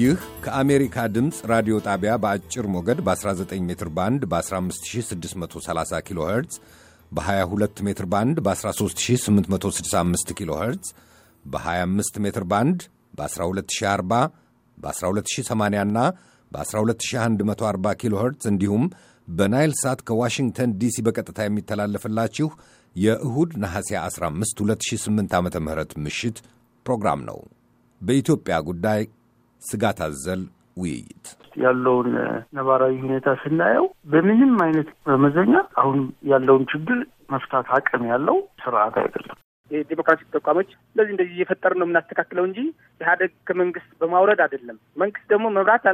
ይህ ከአሜሪካ ድምፅ ራዲዮ ጣቢያ በአጭር ሞገድ በ19 ሜትር ባንድ በ15630 ኪሎ ኸርትዝ በ22 ሜትር ባንድ በ13865 ኪሎ ኸርትዝ በ25 ሜትር ባንድ በ12040 በ12080 እና በ12140 ኪሎ ኸርትዝ እንዲሁም በናይል ሳት ከዋሽንግተን ዲሲ በቀጥታ የሚተላለፍላችሁ የእሁድ ነሐሴ 15 2008 ዓ ም ምሽት ፕሮግራም ነው። በኢትዮጵያ ጉዳይ ስጋት አዘል ውይይት ያለውን ነባራዊ ሁኔታ ስናየው በምንም አይነት በመዘኛ አሁን ያለውን ችግር መፍታት አቅም ያለው ስርዓት አይደለም። የዲሞክራሲ ተቋሞች እንደዚህ እንደዚህ እየፈጠርን ነው የምናስተካክለው እንጂ ኢህአዴግ ከመንግስት በማውረድ አይደለም። መንግስት ደግሞ መምራት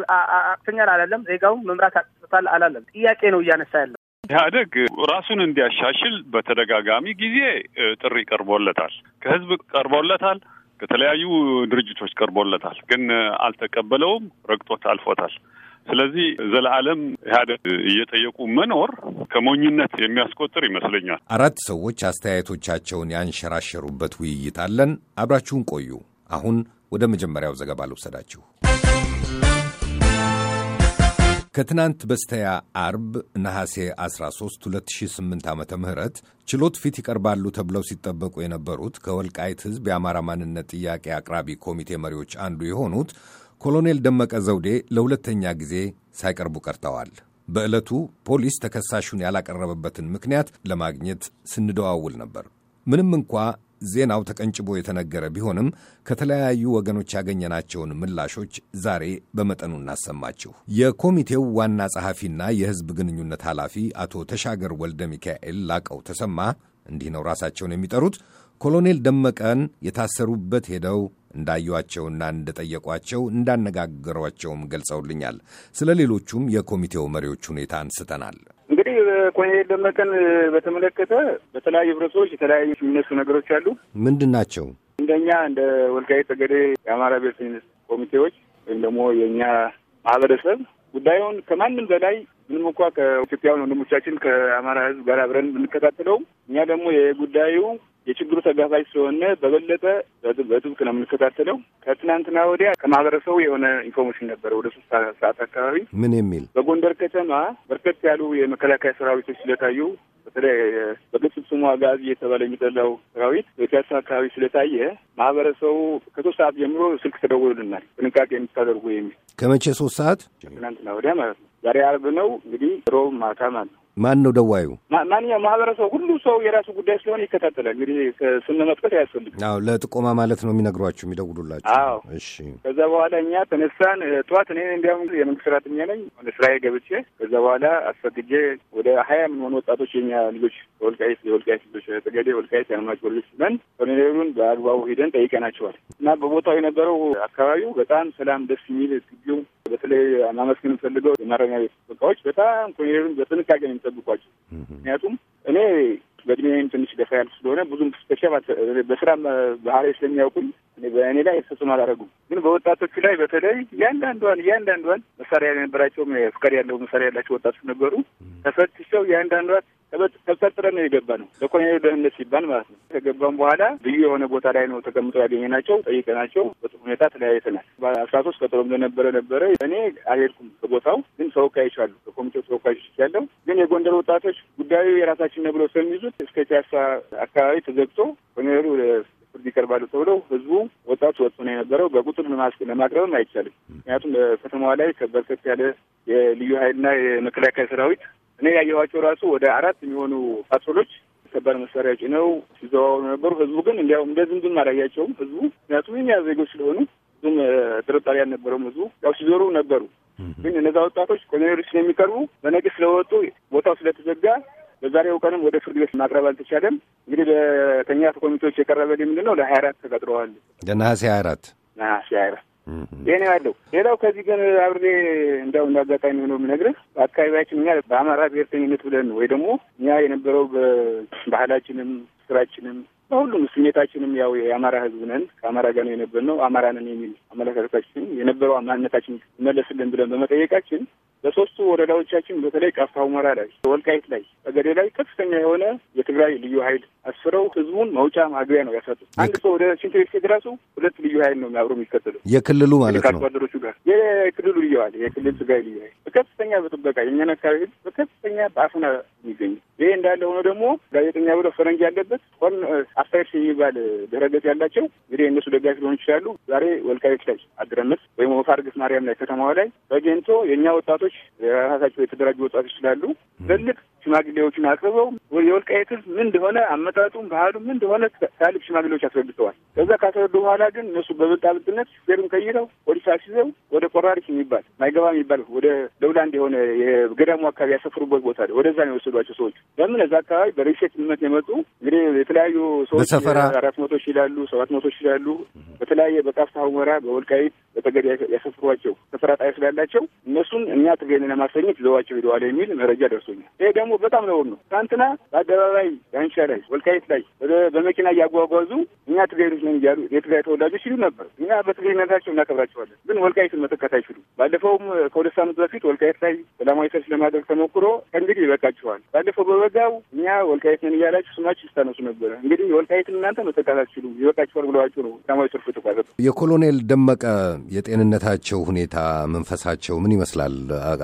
አቅተኛል አላለም፣ ዜጋውም መምራት አቅተታል አላለም። ጥያቄ ነው እያነሳ ያለው። ኢህአደግ ራሱን እንዲያሻሽል በተደጋጋሚ ጊዜ ጥሪ ቀርቦለታል፣ ከህዝብ ቀርቦለታል። ከተለያዩ ድርጅቶች ቀርቦለታል፣ ግን አልተቀበለውም፣ ረግጦት አልፎታል። ስለዚህ ዘለዓለም ኢህአዴግ እየጠየቁ መኖር ከሞኝነት የሚያስቆጥር ይመስለኛል። አራት ሰዎች አስተያየቶቻቸውን ያንሸራሸሩበት ውይይት አለን። አብራችሁን ቆዩ። አሁን ወደ መጀመሪያው ዘገባ ልውሰዳችሁ። ከትናንት በስተያ አርብ ነሐሴ 13 2008 ዓ ም ችሎት ፊት ይቀርባሉ ተብለው ሲጠበቁ የነበሩት ከወልቃይት ሕዝብ የአማራ ማንነት ጥያቄ አቅራቢ ኮሚቴ መሪዎች አንዱ የሆኑት ኮሎኔል ደመቀ ዘውዴ ለሁለተኛ ጊዜ ሳይቀርቡ ቀርተዋል። በዕለቱ ፖሊስ ተከሳሹን ያላቀረበበትን ምክንያት ለማግኘት ስንደዋውል ነበር። ምንም እንኳ ዜናው ተቀንጭቦ የተነገረ ቢሆንም ከተለያዩ ወገኖች ያገኘናቸውን ምላሾች ዛሬ በመጠኑ እናሰማችሁ። የኮሚቴው ዋና ጸሐፊና የሕዝብ ግንኙነት ኃላፊ አቶ ተሻገር ወልደ ሚካኤል ላቀው ተሰማ እንዲህ ነው ራሳቸውን የሚጠሩት ኮሎኔል ደመቀን የታሰሩበት ሄደው እንዳዩቸውና እንደጠየቋቸው እንዳነጋገሯቸውም ገልጸውልኛል። ስለ ሌሎቹም የኮሚቴው መሪዎች ሁኔታ አንስተናል። እንግዲህ ኮሎኔል ደመቀን በተመለከተ በተለያዩ ህብረተሰቦች የተለያዩ የሚነሱ ነገሮች አሉ። ምንድን ናቸው? እንደኛ እንደ ወልቃይት ጠገዴ የአማራ ብሔረሰብ ኮሚቴዎች ወይም ደግሞ የእኛ ማህበረሰብ ጉዳዩን ከማንም በላይ ምንም እንኳ ከኢትዮጵያውያን ወንድሞቻችን ከአማራ ህዝብ ጋር አብረን ብንከታተለው እኛ ደግሞ የጉዳዩ የችግሩ ተጋፋጅ ስለሆነ በበለጠ በጥብቅ ነው የምንከታተለው። ከትናንትና ወዲያ ከማህበረሰቡ የሆነ ኢንፎርሜሽን ነበረ ወደ ሶስት ሰዓት አካባቢ ምን የሚል በጎንደር ከተማ በርከት ያሉ የመከላከያ ሰራዊቶች ስለታዩ በተለይ በቅጽል ስሙ አጋዚ እየተባለ የሚጠላው ሰራዊት በፒያሳ አካባቢ ስለታየ ማህበረሰቡ ከሶስት ሰዓት ጀምሮ ስልክ ተደውሎልናል፣ ጥንቃቄ የምታደርጉ የሚል ከመቼ ሶስት ሰዓት ትናንትና ወዲያ ማለት ነው። ዛሬ አርብ ነው እንግዲህ ሮብ ማታ ማለት ነው። ማን ነው ደዋዩ? ማንኛው ማህበረሰብ ሁሉ ሰው የራሱ ጉዳይ ስለሆነ ይከታተላል። እንግዲህ ስም መጥቀስ አያስፈልግም። አዎ ለጥቆማ ማለት ነው የሚነግሯችሁ የሚደውሉላችሁ። አዎ እሺ። ከዛ በኋላ እኛ ተነሳን ጠዋት። እኔ እንዲያውም የመንግስት ሰራተኛ ነኝ። ወደ ስራዬ ገብቼ ከዛ በኋላ አስፈግጄ ወደ ሀያ የምንሆኑ ወጣቶች የኛ ልጆች ወልቃይት የወልቃይት ልጆች ተገዴ ወልቃይት ያማጭ ልጆች ብለን ኮሎኔሉን በአግባቡ ሂደን ጠይቀናቸዋል እና በቦታው የነበረው አካባቢው በጣም ሰላም ደስ የሚል ግቢው በተለይ ማመስገን የምፈልገው የማረሚያ ቤት ጥበቃዎች በጣም ኮሚኒርን በጥንቃቄ ነው የሚጠብቋቸው። ምክንያቱም እኔ በእድሜም ትንሽ ገፋ ያልኩ ስለሆነ ብዙም ስፔሻል በስራ ባህሪ ስለሚያውቁኝ በእኔ ላይ የተሰሱም አላደረጉም። ግን በወጣቶቹ ላይ በተለይ እያንዳንዷን እያንዳንዷን መሳሪያ የነበራቸውም ፍቃድ ያለው መሳሪያ ያላቸው ወጣቶች ነበሩ። ተፈትሸው እያንዳንዷት ከብት ተፈጥረ ነው የገባ ነው ለኮሎኔሉ ደህንነት ሲባል ማለት ነው። ከገባም በኋላ ልዩ የሆነ ቦታ ላይ ነው ተቀምጠው ያገኘናቸው። ጠይቀናቸው በጥሩ ሁኔታ ተለያይተናል። በአስራ ሶስት ቀጠሮ እንደነበረ ነበረ። እኔ አልሄድኩም ከቦታው ግን ተወካዮች አሉ፣ ከኮሚቴው ተወካዮች ያለው ግን የጎንደር ወጣቶች ጉዳዩ የራሳችን ነው ብለው ስለሚይዙት እስከ ፒያሳ አካባቢ ተዘግቶ ኮሎኔሉ ፍርድ ይቀርባሉ ተብለው ህዝቡ ወጣቱ ወጥቶ ነው የነበረው። በቁጥር ለማቅረብም አይቻልም። ምክንያቱም በከተማዋ ላይ ከበርከት ያለ የልዩ ኃይልና የመከላከያ ሰራዊት እኔ ያየኋቸው ራሱ ወደ አራት የሚሆኑ ፓትሮሎች ከባድ መሳሪያ ጭነው ሲዘዋወሩ ነበሩ። ህዝቡ ግን እንዲያውም እንደዚህ ዝም አላያቸውም። ህዝቡ ምክንያቱም የኛ ዜጎች ስለሆኑ ብዙም ጥርጣሬ አልነበረውም። ህዝቡ ያው ሲዞሩ ነበሩ። ግን እነዛ ወጣቶች ኮሎኔሎች ስለሚቀርቡ በነቂስ ስለወጡ ቦታው ስለተዘጋ በዛሬው ቀንም ወደ ፍርድ ቤት ማቅረብ አልተቻለም። እንግዲህ በተኛ ኮሚቴዎች የቀረበ ምንድን ነው ለሀያ አራት ተቀጥረዋል። ለነሐሴ ሀያ አራት ነሐሴ ሀያ አራት ይህ ነው ያለው። ሌላው ከዚህ ግን አብሬ እንደው እንደ አጋጣሚ ሆኖ የምነግርህ በአካባቢያችን እኛ በአማራ ብሔርተኝነት ብለን ወይ ደግሞ እኛ የነበረው ባህላችንም ስራችንም በሁሉም ስሜታችንም ያው የአማራ ህዝብ ነን ከአማራ ጋር ነው የነበርነው አማራ ነን የሚል አመለካከታችን የነበረው ማንነታችን መለስልን ብለን በመጠየቃችን በሶስቱ ወረዳዎቻችን በተለይ ካፋ ሁመራ ላይ፣ ወልቃይት ላይ፣ ጠገዴ ላይ ከፍተኛ የሆነ የትግራይ ልዩ ኃይል አስፍረው ህዝቡን መውጫ ማግቢያ ነው ያሳጡት። አንድ ሰው ወደ ሽንት ቤት ሲሄድ ሁለት ልዩ ኃይል ነው አብሮ የሚከተሉ የክልሉ ማለት ነው አደሮቹ ጋር የክልሉ ልዩ ኃይል የክልል ትግራይ ልዩ ኃይል በከፍተኛ በጥበቃ የኛን አካባቢ ህዝብ በከፍተኛ በአፍና የሚገኙ ይሄ እንዳለ ሆኖ ደግሞ ጋዜጠኛ ብሎ ፈረንጅ ያለበት አስተያየት የሚባል ድረገጽ ያላቸው እንግዲህ እነሱ ደጋፊ ሊሆኑ ይችላሉ። ዛሬ ወልቃዮች ላይ አድረምስ ወይም ፋርግስ ማርያም ላይ ከተማዋ ላይ በጌንቶ የእኛ ወጣቶች የራሳቸው የተደራጁ ወጣቶች ስላሉ ትልቅ ሽማግሌዎቹን አቅርበው የወልቃይት ህዝብ ምን እንደሆነ አመጣጡም ባህሉ ምን እንደሆነ ታሊብ ሽማግሌዎች አስረድተዋል። ከዛ ካስረዱ በኋላ ግን እነሱ በብልጣብልጥነት ፌሩን ቀይረው ወዲሳ ሲዘው ወደ ቆራሪስ የሚባል ማይገባ የሚባል ወደ ደውላንድ የሆነ የገዳሙ አካባቢ ያሰፍሩበት ቦታ ወደዛ ነው የወሰዷቸው ሰዎች። በምን እዛ አካባቢ በሪሴት ምመት የመጡ እንግዲህ የተለያዩ ሰዎች አራት መቶ ሺህ ይላሉ፣ ሰባት መቶ ሺህ ይላሉ። በተለያየ በቃፍታ ሁመራ፣ በወልቃይት፣ በጠገዴ ያሰፍሯቸው ጣይ ስላላቸው እነሱን እኛ ትግሬን ለማሰኘት ይዘዋቸው ሄደዋል የሚል መረጃ ደርሶኛል። ይሄ ደግሞ በጣም ነውር ነው። ትናንትና በአደባባይ ዳንሻ ላይ፣ ወልቃይት ላይ በመኪና እያጓጓዙ እኛ ትግራይቶች ነን እያሉ የትግራይ ተወላጆች ሲሉ ነበር። እኛ በትግራይነታቸው እናከብራቸዋለን፣ ግን ወልቃይትን መተካት አይችሉም። ባለፈውም ከሁለት ሳምንት በፊት ወልቃይት ላይ ሰላማዊ ሰልፍ ለማድረግ ተሞክሮ እንግዲህ ይበቃችኋል፣ ባለፈው በበጋው እኛ ወልቃይት ነን እያላችሁ ስማችሁ ይስታነሱ ነበረ፣ እንግዲህ ወልቃይትን እናንተ መተካት አትችሉም፣ ይበቃችኋል ብለዋቸው ነው ሰላማዊ ሰልፍ የተቋረጠ። የኮሎኔል ደመቀ የጤንነታቸው ሁኔታ መንፈሳቸው ምን ይመስላል?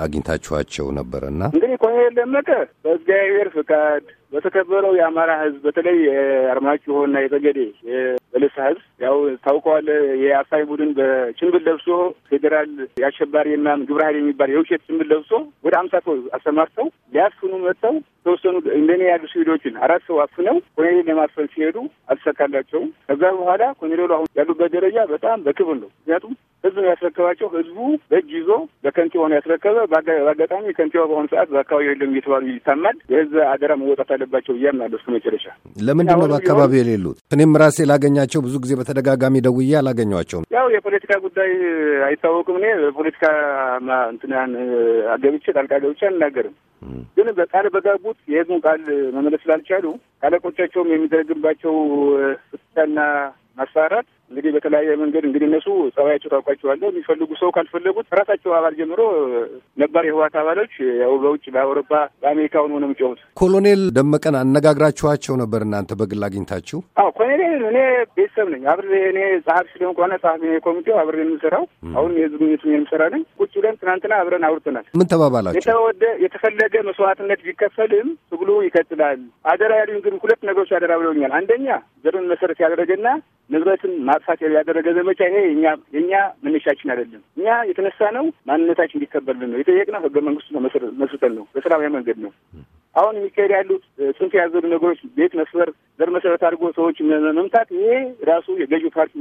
አግኝታችኋቸው ነበረ እና መኮንን ለመቀ በእግዚአብሔር ፍቃድ በተከበረው የአማራ ህዝብ በተለይ የአርማጭሆና የጠገዴ የበለሳ ህዝብ ያው ታውቀዋል። የአፋኝ ቡድን በጭንብል ለብሶ ፌዴራል የአሸባሪ ምናምን ግብረ ኃይል የሚባል የውሸት ጭንብል ለብሶ ወደ አምሳ ሰው አሰማርተው ሊያፍኑ መጥተው ተወሰኑ እንደኔ ያሉ ሲቪሎችን አራት ሰው አፍነው ኮኔሌ ለማስፈል ሲሄዱ አልተሳካላቸውም። ከዛ በኋላ ኮኔሌሉ አሁን ያሉበት ደረጃ በጣም በክብር ነው። ምክንያቱም ህዝብ ያስረከባቸው። ህዝቡ በእጅ ይዞ በከንቲባ ነው ያስረከበ። በአጋጣሚ ከንቲባ በአሁኑ ሰዓት በአካባቢ የለም እየተባሉ ይታማል። የህዝብ አደራ መወጣት አለባቸው ብዬ አምናለሁ። እስከ መጨረሻ ለምንድን ነው በአካባቢ የሌሉት? እኔም ራሴ ላገኛቸው ብዙ ጊዜ በተደጋጋሚ ደውዬ አላገኟቸውም። ያው የፖለቲካ ጉዳይ አይታወቅም። እኔ በፖለቲካ እንትናን አገብቼ ጣልቃ ገብቼ አልናገርም። ግን በቃል በጋቡት የህዝቡን ቃል መመለስ ስላልቻሉ ካለቆቻቸውም የሚደረግባቸው ፍትሻና ማስፈራራት እንግዲህ በተለያየ መንገድ እንግዲህ እነሱ ጸባያቸው ታውቋቸዋለ። የሚፈልጉ ሰው ካልፈለጉት ራሳቸው አባል ጀምሮ ነባር የህዋት አባሎች ያው በውጭ በአውሮፓ በአሜሪካ ሆኖ ነው የሚጫወቱ። ኮሎኔል ደመቀን አነጋግራችኋቸው ነበር እናንተ በግል አግኝታችሁ? አዎ ኮሎኔል እኔ ቤተሰብ ነኝ አብሬ እኔ ጸሐፊ ስለሆንኩ ከሆነ ጸሐፊ ኮሚቴው አብሬ የምንሰራው አሁን የህዝብ ግንኙነት የምሰራ ነኝ። ቁጭ ብለን ትናንትና አብረን አውርተናል። ምን ተባባላችሁ? የተወደ የተፈለገ መስዋዕትነት ቢከፈልም ትግሉ ይቀጥላል። አደራ ያሉኝ ግን ሁለት ነገሮች አደራ ብለውኛል። አንደኛ ዘርን መሰረት ያደረገና ንብረትን ማ ለማጥፋት ያደረገ ዘመቻ ይሄ የኛ የእኛ መነሻችን አይደለም። እኛ የተነሳ ነው ማንነታችን እንዲከበርልን ነው የጠየቅነው። ህገ መንግስቱ መስርተን ነው በሰላማዊ መንገድ ነው። አሁን የሚካሄድ ያሉት ጽንፍ ያዘሉ ነገሮች ቤት መስበር፣ ዘር መሰረት አድርጎ ሰዎች መምታት፣ ይሄ ራሱ የገዢ ፓርቲ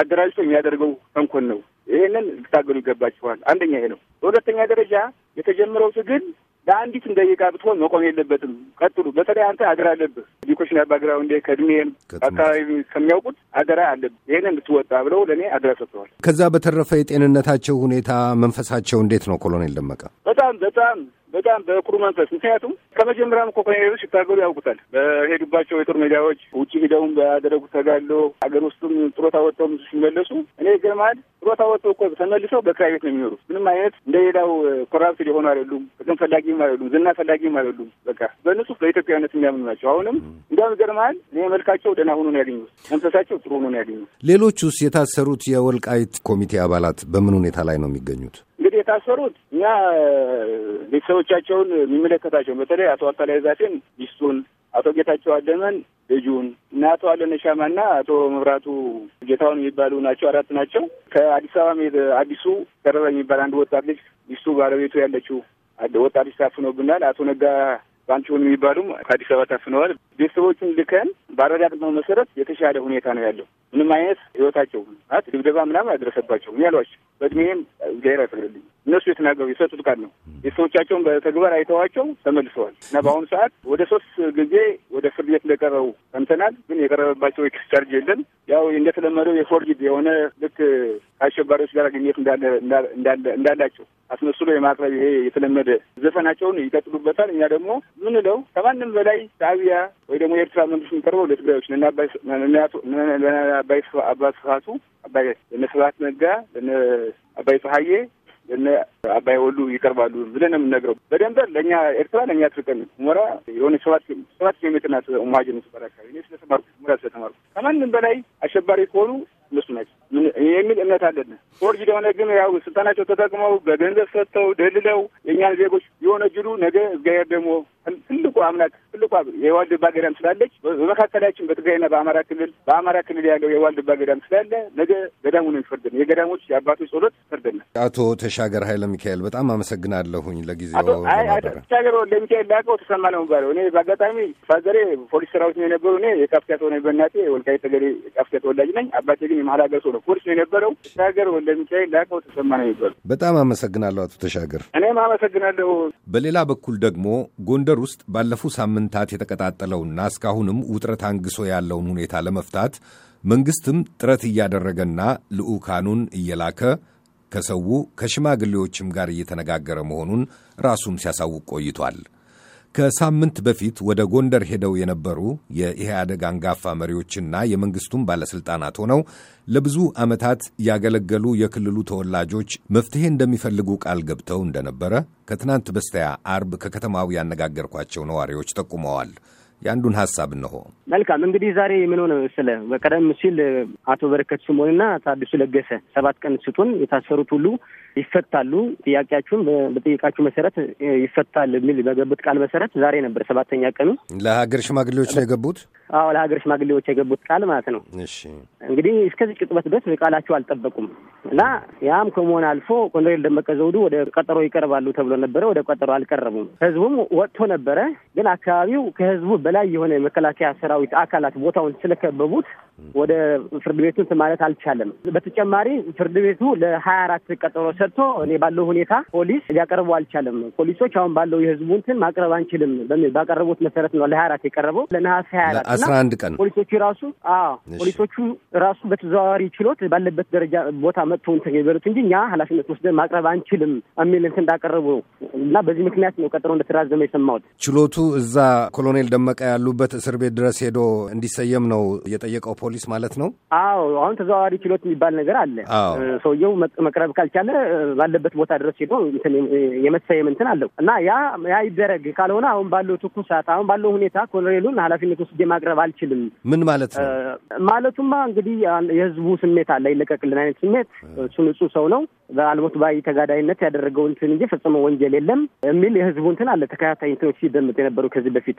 አደራጅቶ የሚያደርገው ተንኮን ነው። ይህንን ልታገሉ ይገባችኋል። አንደኛ ይሄ ነው። በሁለተኛ ደረጃ የተጀመረው ትግል ለአንዲትም ደቂቃ ብትሆን መቆም የለበትም። ቀጥሉ። በተለይ አንተ አደራ አለብህ። ዲኮሽን በግራውንዴ ከእድሜም አካባቢ ከሚያውቁት አደራ አለብህ፣ ይህን እንድትወጣ ብለው ለእኔ አደራ ሰጥተዋል። ከዛ በተረፈ የጤንነታቸው ሁኔታ መንፈሳቸው እንዴት ነው ኮሎኔል ደመቀ? በጣም በጣም በጣም በኩሩ መንፈስ ምክንያቱም ከመጀመሪያም እኮ ኮሎኔሎች ሲታገሉ ያውቁታል። በሄዱባቸው የጦር ሜዳዎች ውጭ ሂደውም ያደረጉት ተጋድሎ ሀገር ውስጥም ጥሮታ ወጥተው ብዙ ሲመለሱ እኔ ይገርምሃል ጥሮታ ወጥተው እኮ ተመልሰው በክራይ ቤት ነው የሚኖሩት። ምንም አይነት እንደ ሌላው ኮራፕት ሊሆኑ አይደሉም። ጥቅም ፈላጊም አይደሉም። ዝና ፈላጊም አይደሉም። በቃ በንጹህ በኢትዮጵያዊነት የሚያምኑ ናቸው። አሁንም እንዲያውም ይገርምሃል እኔ መልካቸው ደህና ሆኖ ነው ያገኙት። መንፈሳቸው ጥሩ ሆኖ ነው ያገኙት። ሌሎቹስ የታሰሩት የወልቃይት ኮሚቴ አባላት በምን ሁኔታ ላይ ነው የሚገኙት? እንግዲህ የታሰሩት እኛ ቤተሰቦቻቸውን የሚመለከታቸውን በተለይ አቶ አካላዊ ዛቴን ሚስቱን፣ አቶ ጌታቸው አደመን ልጁን እና አቶ አለነ ሻማና አቶ መብራቱ ጌታውን የሚባሉ ናቸው። አራት ናቸው። ከአዲስ አበባ አዲሱ ቀረበ የሚባል አንድ ወጣት ልጅ ሚስቱ ባለቤቱ ያለችው ወጣት ልጅ ታፍኖብናል። አቶ ነጋ ባንቺሁን የሚባሉም ከአዲስ አበባ ታፍነዋል። ቤተሰቦቹን ልከን ባረጋገጥነው መሰረት የተሻለ ሁኔታ ነው ያለው። ምንም አይነት ህይወታቸው ት ድብደባ ምናምን አደረሰባቸውም ያሏቸው በእድሜም እግዚአብሔር አይፈቅድልኝ እነሱ የተናገሩ የሰጡት ቃል ነው። ቤተሰቦቻቸውን በተግባር አይተዋቸው ተመልሰዋል እና በአሁኑ ሰዓት ወደ ሶስት ጊዜ ወደ ፍርድ ቤት እንደቀረቡ ሰምተናል። ግን የቀረበባቸው ኤክስ ቻርጅ የለም። ያው እንደተለመደው የፎርጅድ የሆነ ልክ ከአሸባሪዎች ጋር ግንኙነት እንዳላቸው አስመስሎ የማቅረብ ይሄ የተለመደ ዘፈናቸውን ይቀጥሉበታል። እኛ ደግሞ ምንለው ከማንም በላይ ሻዕቢያ ወይ ደግሞ የኤርትራ መንግስት የሚቀርበው ለትግራዮች አባይ አባ ስፋቱ፣ አባይ እነ ስብሐት ነጋ፣ እነ አባይ ፀሐዬ፣ እነ አባይ ወሉ ይቀርባሉ ብለን ነው የምንነግረው። በደንበር ለእኛ ኤርትራ ለእኛ ትርቅን ሁመራ የሆነ ሰባት ሰባት ኪሎ ሜትር ናት። ሟጅ ስበር አካባቢ እኔ ስለተማርኩ ሁመራ ስለተማርኩ ከማንም በላይ አሸባሪ ከሆኑ እነሱ የሚል እምነት አለን። ኦርጅ ደሆነ ግን ያው ስልጣናቸው ተጠቅመው በገንዘብ ሰጥተው ደልለው የእኛን ዜጎች የሆነ ጅሉ ነገ እግዚአብሔር ደግሞ ትልቁ አምላክ ትልቁ የዋልድባ ገዳም ስላለች በመካከላችን በትግራይና በአማራ ክልል በአማራ ክልል ያለው የዋልድባ ገዳም ስላለ ነገ ገዳሙ ነው የሚፈርደን። የገዳሞች የአባቶች ጸሎት ይፈርደናል። አቶ ተሻገር ኃይለ ሚካኤል በጣም አመሰግናለሁኝ። ለጊዜው ተሻገር ለሚካኤል ላቀው ተሰማ ነው የሚባለው። እኔ በአጋጣሚ ፋዘሬ ፖሊስ ሰራዊት ነው የነበሩ። እኔ የካፍታ ተሆነ በእናቴ ወልቃይት ተገሬ ካፍታ ተወላጅ ነኝ። አባቴ ግን ስም የማላገር ሰው ነው። ፖሊስ ነው የነበረው። ተሻገር ወንደሚካኤል ላቀው ተሰማ ነው የሚባሉ። በጣም አመሰግናለሁ አቶ ተሻገር። እኔም አመሰግናለሁ። በሌላ በኩል ደግሞ ጎንደር ውስጥ ባለፉ ሳምንታት የተቀጣጠለውና እስካሁንም ውጥረት አንግሶ ያለውን ሁኔታ ለመፍታት መንግስትም ጥረት እያደረገና ልዑካኑን እየላከ ከሰው ከሽማግሌዎችም ጋር እየተነጋገረ መሆኑን ራሱም ሲያሳውቅ ቆይቷል። ከሳምንት በፊት ወደ ጎንደር ሄደው የነበሩ የኢህአደግ አንጋፋ መሪዎችና የመንግስቱም ባለሥልጣናት ሆነው ለብዙ ዓመታት ያገለገሉ የክልሉ ተወላጆች መፍትሔ እንደሚፈልጉ ቃል ገብተው እንደነበረ ከትናንት በስቲያ አርብ ከከተማው ያነጋገርኳቸው ነዋሪዎች ጠቁመዋል። የአንዱን ሀሳብ እንሆ። መልካም እንግዲህ ዛሬ ምን ሆነ መሰለህ፣ በቀደም ሲል አቶ በረከት ስምኦንና ታዲሱ ለገሰ ሰባት ቀን ስጡን፣ የታሰሩት ሁሉ ይፈታሉ፣ ጥያቄያችሁን በጠየቃችሁ መሰረት ይፈታል የሚል በገቡት ቃል መሰረት ዛሬ ነበር ሰባተኛ ቀኑ። ለሀገር ሽማግሌዎች ነው የገቡት። አዎ ለሀገር ሽማግሌዎች የገቡት ቃል ማለት ነው። እሺ እንግዲህ እስከዚህ ቅጽበት ድረስ ቃላቸው አልጠበቁም እና ያም ከመሆን አልፎ ኮሎኔል ደመቀ ዘውዱ ወደ ቀጠሮ ይቀርባሉ ተብሎ ነበረ። ወደ ቀጠሮ አልቀረቡም። ህዝቡም ወጥቶ ነበረ። ግን አካባቢው ከህዝቡ በላይ የሆነ የመከላከያ ሰራዊት አካላት ቦታውን ስለከበቡት ወደ ፍርድ ቤቱ ማለት አልቻለም። በተጨማሪ ፍርድ ቤቱ ለሀያ አራት ቀጠሮ ሰጥቶ እኔ ባለው ሁኔታ ፖሊስ ሊያቀርቡ አልቻለም። ፖሊሶች አሁን ባለው የህዝቡ እንትን ማቅረብ አንችልም በሚል ባቀረቡት መሰረት ነው ለሀያ አራት የቀረበው ለነሐሴ ሀያ አራት አስራ አንድ ቀን ፖሊሶቹ ራሱ ፖሊሶቹ ራሱ በተዘዋዋሪ ችሎት ባለበት ደረጃ ቦታ መጥቶ እንትን እንጂ እኛ ኃላፊነት ወስደን ማቅረብ አንችልም የሚል እንትን እንዳቀረቡ እና በዚህ ምክንያት ነው ቀጠሮ እንደተራዘመ የሰማሁት ችሎቱ እዛ ኮሎኔል ደመ ጠበቃ ያሉበት እስር ቤት ድረስ ሄዶ እንዲሰየም ነው የጠየቀው ፖሊስ ማለት ነው? አዎ አሁን ተዘዋዋሪ ችሎት የሚባል ነገር አለ። ሰውየው መቅረብ ካልቻለ ባለበት ቦታ ድረስ ሄዶ የመሰየም እንትን አለው እና ያ ያ ይደረግ። ካልሆነ አሁን ባለው ትኩሳት፣ አሁን ባለው ሁኔታ ኮሎኔሉን ኃላፊነት ወስጄ ማቅረብ አልችልም። ምን ማለት ነው? ማለቱማ እንግዲህ የህዝቡ ስሜት አለ፣ ይለቀቅልን አይነት ስሜት። እሱ ንጹህ ሰው ነው በአልቦት ባይ ተጋዳይነት ያደረገው እንትን እንጂ ፈጽሞ ወንጀል የለም የሚል የህዝቡ እንትን አለ። ተከታታይ እንትኖች ሲደምጡ የነበሩ ከዚህ በፊት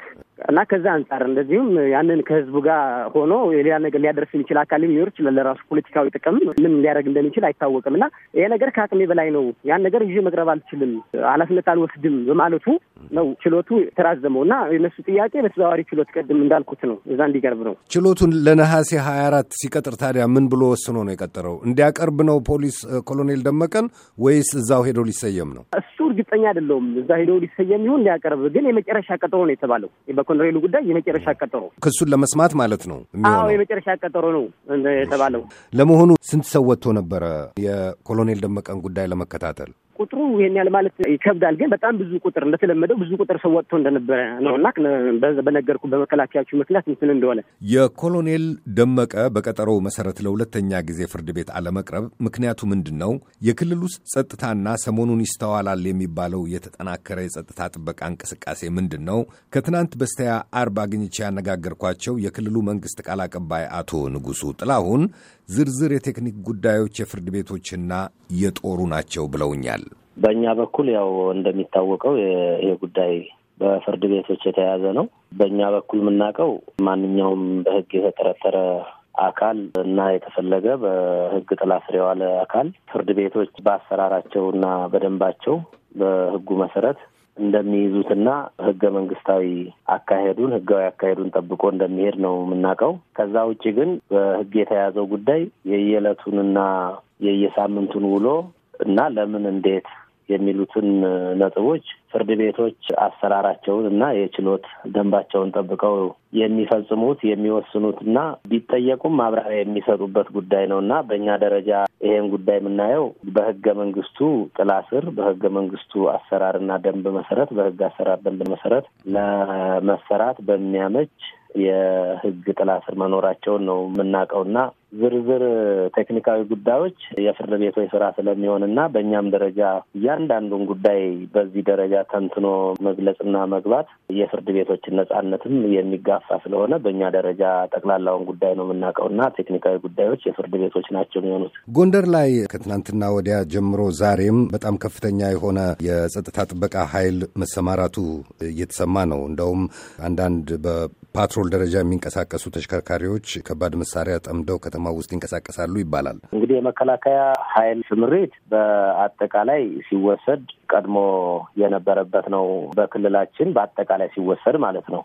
እና ከዛ አንጻር እንደዚሁም ያንን ከህዝቡ ጋር ሆኖ ሌላ ነገር ሊያደርስ የሚችል አካል ሊኖር ይችላል። ለራሱ ፖለቲካዊ ጥቅም ምን ሊያደርግ እንደሚችል አይታወቅም እና ይሄ ነገር ከአቅሜ በላይ ነው፣ ያን ነገር ይዤ መቅረብ አልችልም፣ ኃላፊነት አልወስድም በማለቱ ነው ችሎቱ የተራዘመው እና የነሱ ጥያቄ በተዘዋዋሪ ችሎት ቀድም እንዳልኩት ነው እዛ እንዲቀርብ ነው። ችሎቱን ለነሐሴ ሀያ አራት ሲቀጥር ታዲያ ምን ብሎ ወስኖ ነው የቀጠረው? እንዲያቀርብ ነው ፖሊስ ኮሎኔል ደ መቀን ወይስ እዛው ሄዶ ሊሰየም ነው? እሱ እርግጠኛ አይደለውም እዛ ሄዶ ሊሰየም ይሁን ሊያቀርብ፣ ግን የመጨረሻ ቀጠሮ ነው የተባለው። በኮንሬሉ ጉዳይ የመጨረሻ ቀጠሮ ክሱን ለመስማት ማለት ነው። አዎ የመጨረሻ ቀጠሮ ነው የተባለው። ለመሆኑ ስንት ሰው ወጥቶ ነበረ የኮሎኔል ደመቀን ጉዳይ ለመከታተል? ቁጥሩ ይህን ያህል ማለት ይከብዳል። ግን በጣም ብዙ ቁጥር እንደተለመደው ብዙ ቁጥር ሰው ወጥቶ እንደነበረ ነው እና በነገርኩ በመከላከያችሁ ምክንያት እንትን እንደሆነ የኮሎኔል ደመቀ በቀጠሮው መሰረት ለሁለተኛ ጊዜ ፍርድ ቤት አለመቅረብ ምክንያቱ ምንድን ነው? የክልል ውስጥ ጸጥታና ሰሞኑን ይስተዋላል የሚባለው የተጠናከረ የጸጥታ ጥበቃ እንቅስቃሴ ምንድን ነው? ከትናንት በስቲያ አርብ አግኝቼ ያነጋገርኳቸው የክልሉ መንግስት ቃል አቀባይ አቶ ንጉሱ ጥላሁን ዝርዝር የቴክኒክ ጉዳዮች የፍርድ ቤቶችና የጦሩ ናቸው ብለውኛል። በእኛ በኩል ያው እንደሚታወቀው ይሄ ጉዳይ በፍርድ ቤቶች የተያዘ ነው። በእኛ በኩል የምናውቀው ማንኛውም በሕግ የተጠረጠረ አካል እና የተፈለገ በሕግ ጥላ ስር የዋለ አካል ፍርድ ቤቶች በአሰራራቸው እና በደንባቸው በሕጉ መሰረት እንደሚይዙትና ህገ መንግስታዊ አካሄዱን ህጋዊ አካሄዱን ጠብቆ እንደሚሄድ ነው የምናውቀው። ከዛ ውጭ ግን በህግ የተያዘው ጉዳይ የየዕለቱንና የየሳምንቱን ውሎ እና ለምን እንዴት የሚሉትን ነጥቦች ፍርድ ቤቶች አሰራራቸውን እና የችሎት ደንባቸውን ጠብቀው የሚፈጽሙት የሚወስኑት እና ቢጠየቁም ማብራሪያ የሚሰጡበት ጉዳይ ነው እና በእኛ ደረጃ ይሄን ጉዳይ የምናየው በህገ መንግስቱ ጥላ ስር በህገ መንግስቱ አሰራርና ደንብ መሰረት በህግ አሰራር ደንብ መሰረት ለመሰራት በሚያመች የህግ ጥላ ስር መኖራቸውን ነው የምናውቀው እና ዝርዝር ቴክኒካዊ ጉዳዮች የፍርድ ቤቶች ስራ ስለሚሆንና በእኛም ደረጃ እያንዳንዱን ጉዳይ በዚህ ደረጃ ተንትኖ መግለጽና መግባት የፍርድ ቤቶችን ነጻነትም የሚጋፋ ስለሆነ በእኛ ደረጃ ጠቅላላውን ጉዳይ ነው የምናውቀውና ቴክኒካዊ ጉዳዮች የፍርድ ቤቶች ናቸው የሚሆኑት። ጎንደር ላይ ከትናንትና ወዲያ ጀምሮ ዛሬም በጣም ከፍተኛ የሆነ የጸጥታ ጥበቃ ኃይል መሰማራቱ እየተሰማ ነው። እንደውም አንዳንድ በፓትሮል ደረጃ የሚንቀሳቀሱ ተሽከርካሪዎች ከባድ መሳሪያ ጠምደው ከተማ ውስጥ ይንቀሳቀሳሉ ይባላል። እንግዲህ የመከላከያ ኃይል ስምሪት በአጠቃላይ ሲወሰድ ቀድሞ የነበረበት ነው። በክልላችን በአጠቃላይ ሲወሰድ ማለት ነው።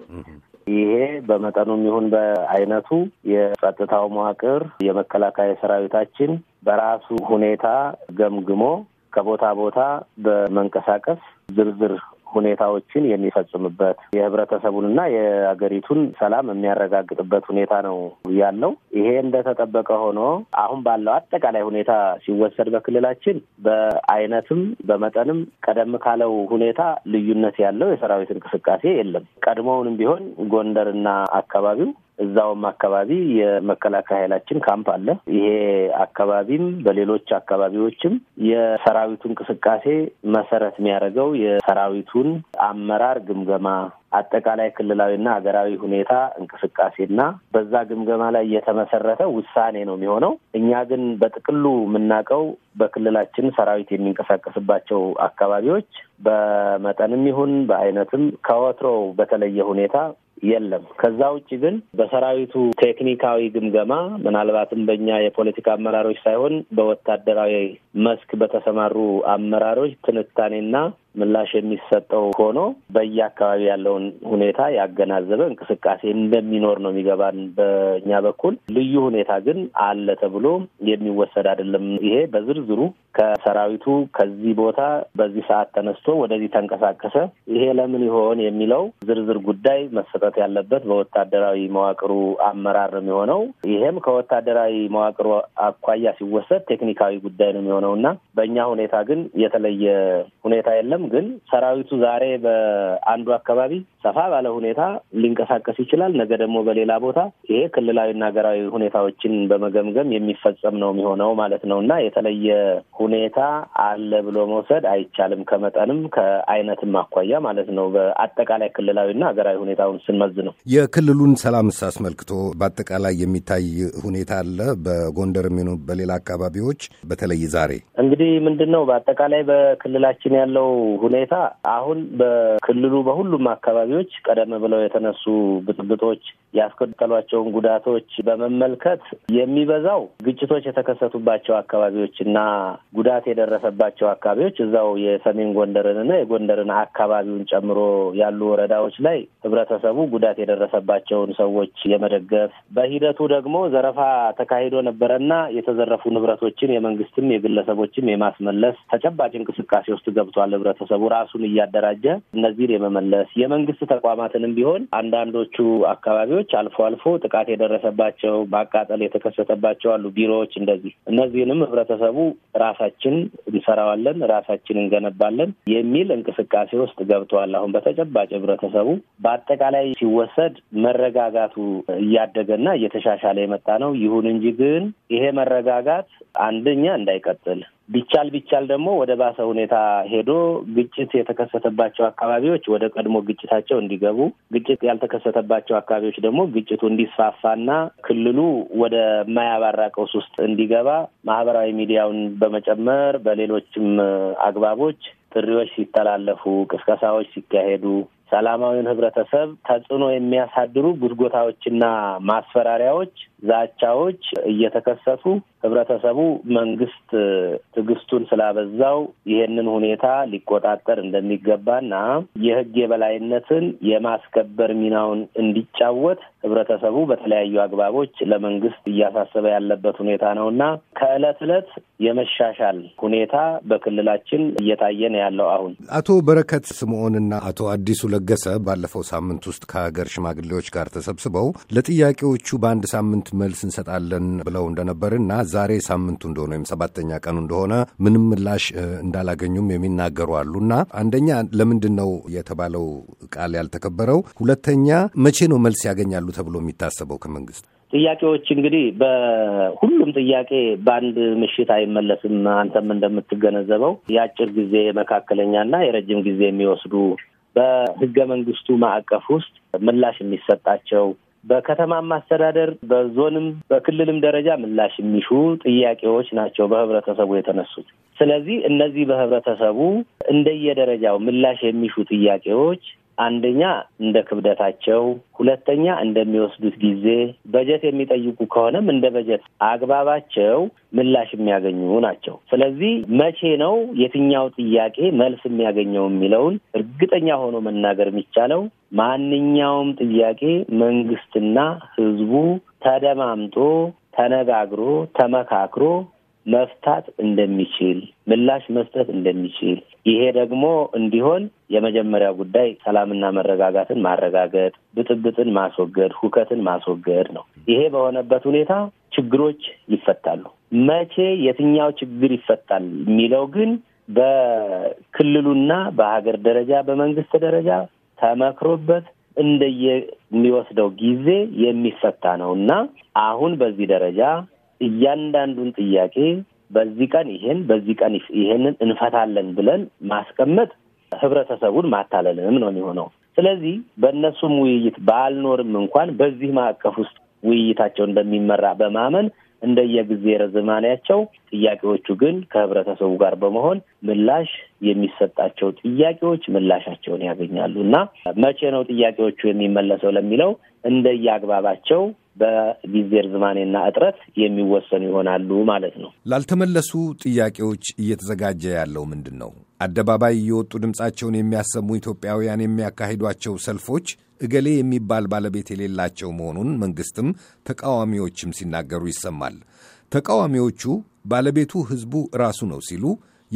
ይሄ በመጠኑም ይሁን በአይነቱ የጸጥታው መዋቅር የመከላከያ ሰራዊታችን በራሱ ሁኔታ ገምግሞ ከቦታ ቦታ በመንቀሳቀስ ዝርዝር ሁኔታዎችን የሚፈጽምበት የህብረተሰቡንና የአገሪቱን ሰላም የሚያረጋግጥበት ሁኔታ ነው ያለው። ይሄ እንደተጠበቀ ሆኖ አሁን ባለው አጠቃላይ ሁኔታ ሲወሰድ በክልላችን በአይነትም በመጠንም ቀደም ካለው ሁኔታ ልዩነት ያለው የሰራዊት እንቅስቃሴ የለም። ቀድሞውንም ቢሆን ጎንደርና አካባቢው እዛውም አካባቢ የመከላከያ ኃይላችን ካምፕ አለ። ይሄ አካባቢም በሌሎች አካባቢዎችም የሰራዊቱ እንቅስቃሴ መሰረት የሚያደርገው የሰራዊቱን አመራር ግምገማ አጠቃላይ ክልላዊና ሀገራዊ ሁኔታ እንቅስቃሴና በዛ ግምገማ ላይ የተመሰረተ ውሳኔ ነው የሚሆነው። እኛ ግን በጥቅሉ የምናውቀው በክልላችን ሰራዊት የሚንቀሳቀስባቸው አካባቢዎች በመጠንም ይሁን በአይነትም ከወትሮው በተለየ ሁኔታ የለም። ከዛ ውጭ ግን በሰራዊቱ ቴክኒካዊ ግምገማ ምናልባትም በእኛ የፖለቲካ አመራሮች ሳይሆን በወታደራዊ መስክ በተሰማሩ አመራሮች ትንታኔና ምላሽ የሚሰጠው ሆኖ በየአካባቢ ያለውን ሁኔታ ያገናዘበ እንቅስቃሴ እንደሚኖር ነው የሚገባን። በእኛ በኩል ልዩ ሁኔታ ግን አለ ተብሎ የሚወሰድ አይደለም። ይሄ በዝርዝሩ ከሰራዊቱ ከዚህ ቦታ በዚህ ሰዓት ተነስቶ ወደዚህ ተንቀሳቀሰ፣ ይሄ ለምን ይሆን የሚለው ዝርዝር ጉዳይ መሰጠት ያለበት በወታደራዊ መዋቅሩ አመራር ነው የሚሆነው። ይሄም ከወታደራዊ መዋቅሩ አኳያ ሲወሰድ ቴክኒካዊ ጉዳይ ነው የሚሆነው እና በእኛ ሁኔታ ግን የተለየ ሁኔታ የለም። ግን ሰራዊቱ ዛሬ በአንዱ አካባቢ ሰፋ ባለ ሁኔታ ሊንቀሳቀስ ይችላል። ነገ ደግሞ በሌላ ቦታ ይሄ ክልላዊና ሀገራዊ ሁኔታዎችን በመገምገም የሚፈጸም ነው የሚሆነው ማለት ነው እና የተለየ ሁኔታ አለ ብሎ መውሰድ አይቻልም። ከመጠንም ከአይነትም አኳያ ማለት ነው። በአጠቃላይ ክልላዊና ሀገራዊ ሁኔታውን ስንመዝ ነው። የክልሉን ሰላምስ አስመልክቶ በአጠቃላይ የሚታይ ሁኔታ አለ በጎንደር የሚኑ በሌላ አካባቢዎች በተለይ ዛሬ እንግዲህ ምንድን ነው በአጠቃላይ በክልላችን ያለው ሁኔታ አሁን በክልሉ በሁሉም አካባቢ አካባቢዎች ቀደም ብለው የተነሱ ብጥብጦች ያስከተሏቸውን ጉዳቶች በመመልከት የሚበዛው ግጭቶች የተከሰቱባቸው አካባቢዎች እና ጉዳት የደረሰባቸው አካባቢዎች እዛው የሰሜን ና የጎንደርን አካባቢውን ጨምሮ ያሉ ወረዳዎች ላይ ህብረተሰቡ ጉዳት የደረሰባቸውን ሰዎች የመደገፍ በሂደቱ ደግሞ ዘረፋ ተካሂዶ ነበረና የተዘረፉ ንብረቶችን የመንግስትም የግለሰቦችም የማስመለስ ተጨባጭ እንቅስቃሴ ውስጥ ገብቷል። ህብረተሰቡ ራሱን እያደራጀ እነዚህን የመመለስ የመንግስት የመንግስት ተቋማትንም ቢሆን አንዳንዶቹ አካባቢዎች አልፎ አልፎ ጥቃት የደረሰባቸው ማቃጠል የተከሰተባቸው አሉ። ቢሮዎች እንደዚህ እነዚህንም ህብረተሰቡ ራሳችን እንሰራዋለን፣ ራሳችን እንገነባለን የሚል እንቅስቃሴ ውስጥ ገብተዋል። አሁን በተጨባጭ ህብረተሰቡ በአጠቃላይ ሲወሰድ መረጋጋቱ እያደገና እየተሻሻለ የመጣ ነው። ይሁን እንጂ ግን ይሄ መረጋጋት አንደኛ እንዳይቀጥል ቢቻል ቢቻል ደግሞ ወደ ባሰ ሁኔታ ሄዶ ግጭት የተከሰተባቸው አካባቢዎች ወደ ቀድሞ ግጭታቸው እንዲገቡ፣ ግጭት ያልተከሰተባቸው አካባቢዎች ደግሞ ግጭቱ እንዲስፋፋና ክልሉ ወደ ማያባራ ቀውስ ውስጥ እንዲገባ ማህበራዊ ሚዲያውን በመጨመር በሌሎችም አግባቦች ጥሪዎች ሲተላለፉ፣ ቅስቀሳዎች ሲካሄዱ ሰላማዊውን ህብረተሰብ ተጽዕኖ የሚያሳድሩ ጉትጎታዎችና ማስፈራሪያዎች ዛቻዎች እየተከሰቱ ህብረተሰቡ መንግስት ትዕግስቱን ስላበዛው ይሄንን ሁኔታ ሊቆጣጠር እንደሚገባና የህግ የበላይነትን የማስከበር ሚናውን እንዲጫወት ህብረተሰቡ በተለያዩ አግባቦች ለመንግስት እያሳሰበ ያለበት ሁኔታ ነው እና ከእለት እለት የመሻሻል ሁኔታ በክልላችን እየታየን ያለው። አሁን አቶ በረከት ስምዖንና አቶ አዲሱ ለገሰ ባለፈው ሳምንት ውስጥ ከሀገር ሽማግሌዎች ጋር ተሰብስበው ለጥያቄዎቹ በአንድ ሳምንት መልስ እንሰጣለን ብለው እንደነበርና ዛሬ ሳምንቱ እንደሆነ ወይም ሰባተኛ ቀኑ እንደሆነ ምንም ምላሽ እንዳላገኙም የሚናገሩ አሉና አንደኛ ለምንድን ነው የተባለው ቃል ያልተከበረው? ሁለተኛ መቼ ነው መልስ ያገኛሉ ተብሎ የሚታሰበው ከመንግስት? ጥያቄዎች እንግዲህ በሁሉም ጥያቄ በአንድ ምሽት አይመለስም። አንተም እንደምትገነዘበው የአጭር ጊዜ መካከለኛና የረጅም ጊዜ የሚወስዱ በህገ መንግስቱ ማዕቀፍ ውስጥ ምላሽ የሚሰጣቸው በከተማም አስተዳደር በዞንም በክልልም ደረጃ ምላሽ የሚሹ ጥያቄዎች ናቸው በህብረተሰቡ የተነሱት። ስለዚህ እነዚህ በህብረተሰቡ እንደየደረጃው ምላሽ የሚሹ ጥያቄዎች አንደኛ እንደ ክብደታቸው፣ ሁለተኛ እንደሚወስዱት ጊዜ፣ በጀት የሚጠይቁ ከሆነም እንደ በጀት አግባባቸው ምላሽ የሚያገኙ ናቸው። ስለዚህ መቼ ነው የትኛው ጥያቄ መልስ የሚያገኘው የሚለውን እርግጠኛ ሆኖ መናገር የሚቻለው ማንኛውም ጥያቄ መንግስትና ህዝቡ ተደማምጦ ተነጋግሮ ተመካክሮ መፍታት እንደሚችል ምላሽ መስጠት እንደሚችል ይሄ ደግሞ እንዲሆን የመጀመሪያ ጉዳይ ሰላምና መረጋጋትን ማረጋገጥ፣ ብጥብጥን ማስወገድ፣ ሁከትን ማስወገድ ነው። ይሄ በሆነበት ሁኔታ ችግሮች ይፈታሉ። መቼ የትኛው ችግር ይፈታል የሚለው ግን በክልሉና በሀገር ደረጃ በመንግስት ደረጃ ተመክሮበት እንደየ የሚወስደው ጊዜ የሚፈታ ነው እና አሁን በዚህ ደረጃ እያንዳንዱን ጥያቄ በዚህ ቀን ይሄን በዚህ ቀን ይሄንን እንፈታለን ብለን ማስቀመጥ ህብረተሰቡን ማታለልንም ነው የሚሆነው። ስለዚህ በእነሱም ውይይት ባልኖርም እንኳን በዚህ ማዕቀፍ ውስጥ ውይይታቸው እንደሚመራ በማመን እንደየጊዜ ረዝማኔያቸው ጥያቄዎቹ ግን ከህብረተሰቡ ጋር በመሆን ምላሽ የሚሰጣቸው ጥያቄዎች ምላሻቸውን ያገኛሉ እና መቼ ነው ጥያቄዎቹ የሚመለሰው ለሚለው እንደየአግባባቸው በጊዜ ርዝማኔና እጥረት የሚወሰኑ ይሆናሉ ማለት ነው። ላልተመለሱ ጥያቄዎች እየተዘጋጀ ያለው ምንድን ነው? አደባባይ እየወጡ ድምፃቸውን የሚያሰሙ ኢትዮጵያውያን የሚያካሂዷቸው ሰልፎች እገሌ የሚባል ባለቤት የሌላቸው መሆኑን መንግስትም ተቃዋሚዎችም ሲናገሩ ይሰማል። ተቃዋሚዎቹ ባለቤቱ ሕዝቡ ራሱ ነው ሲሉ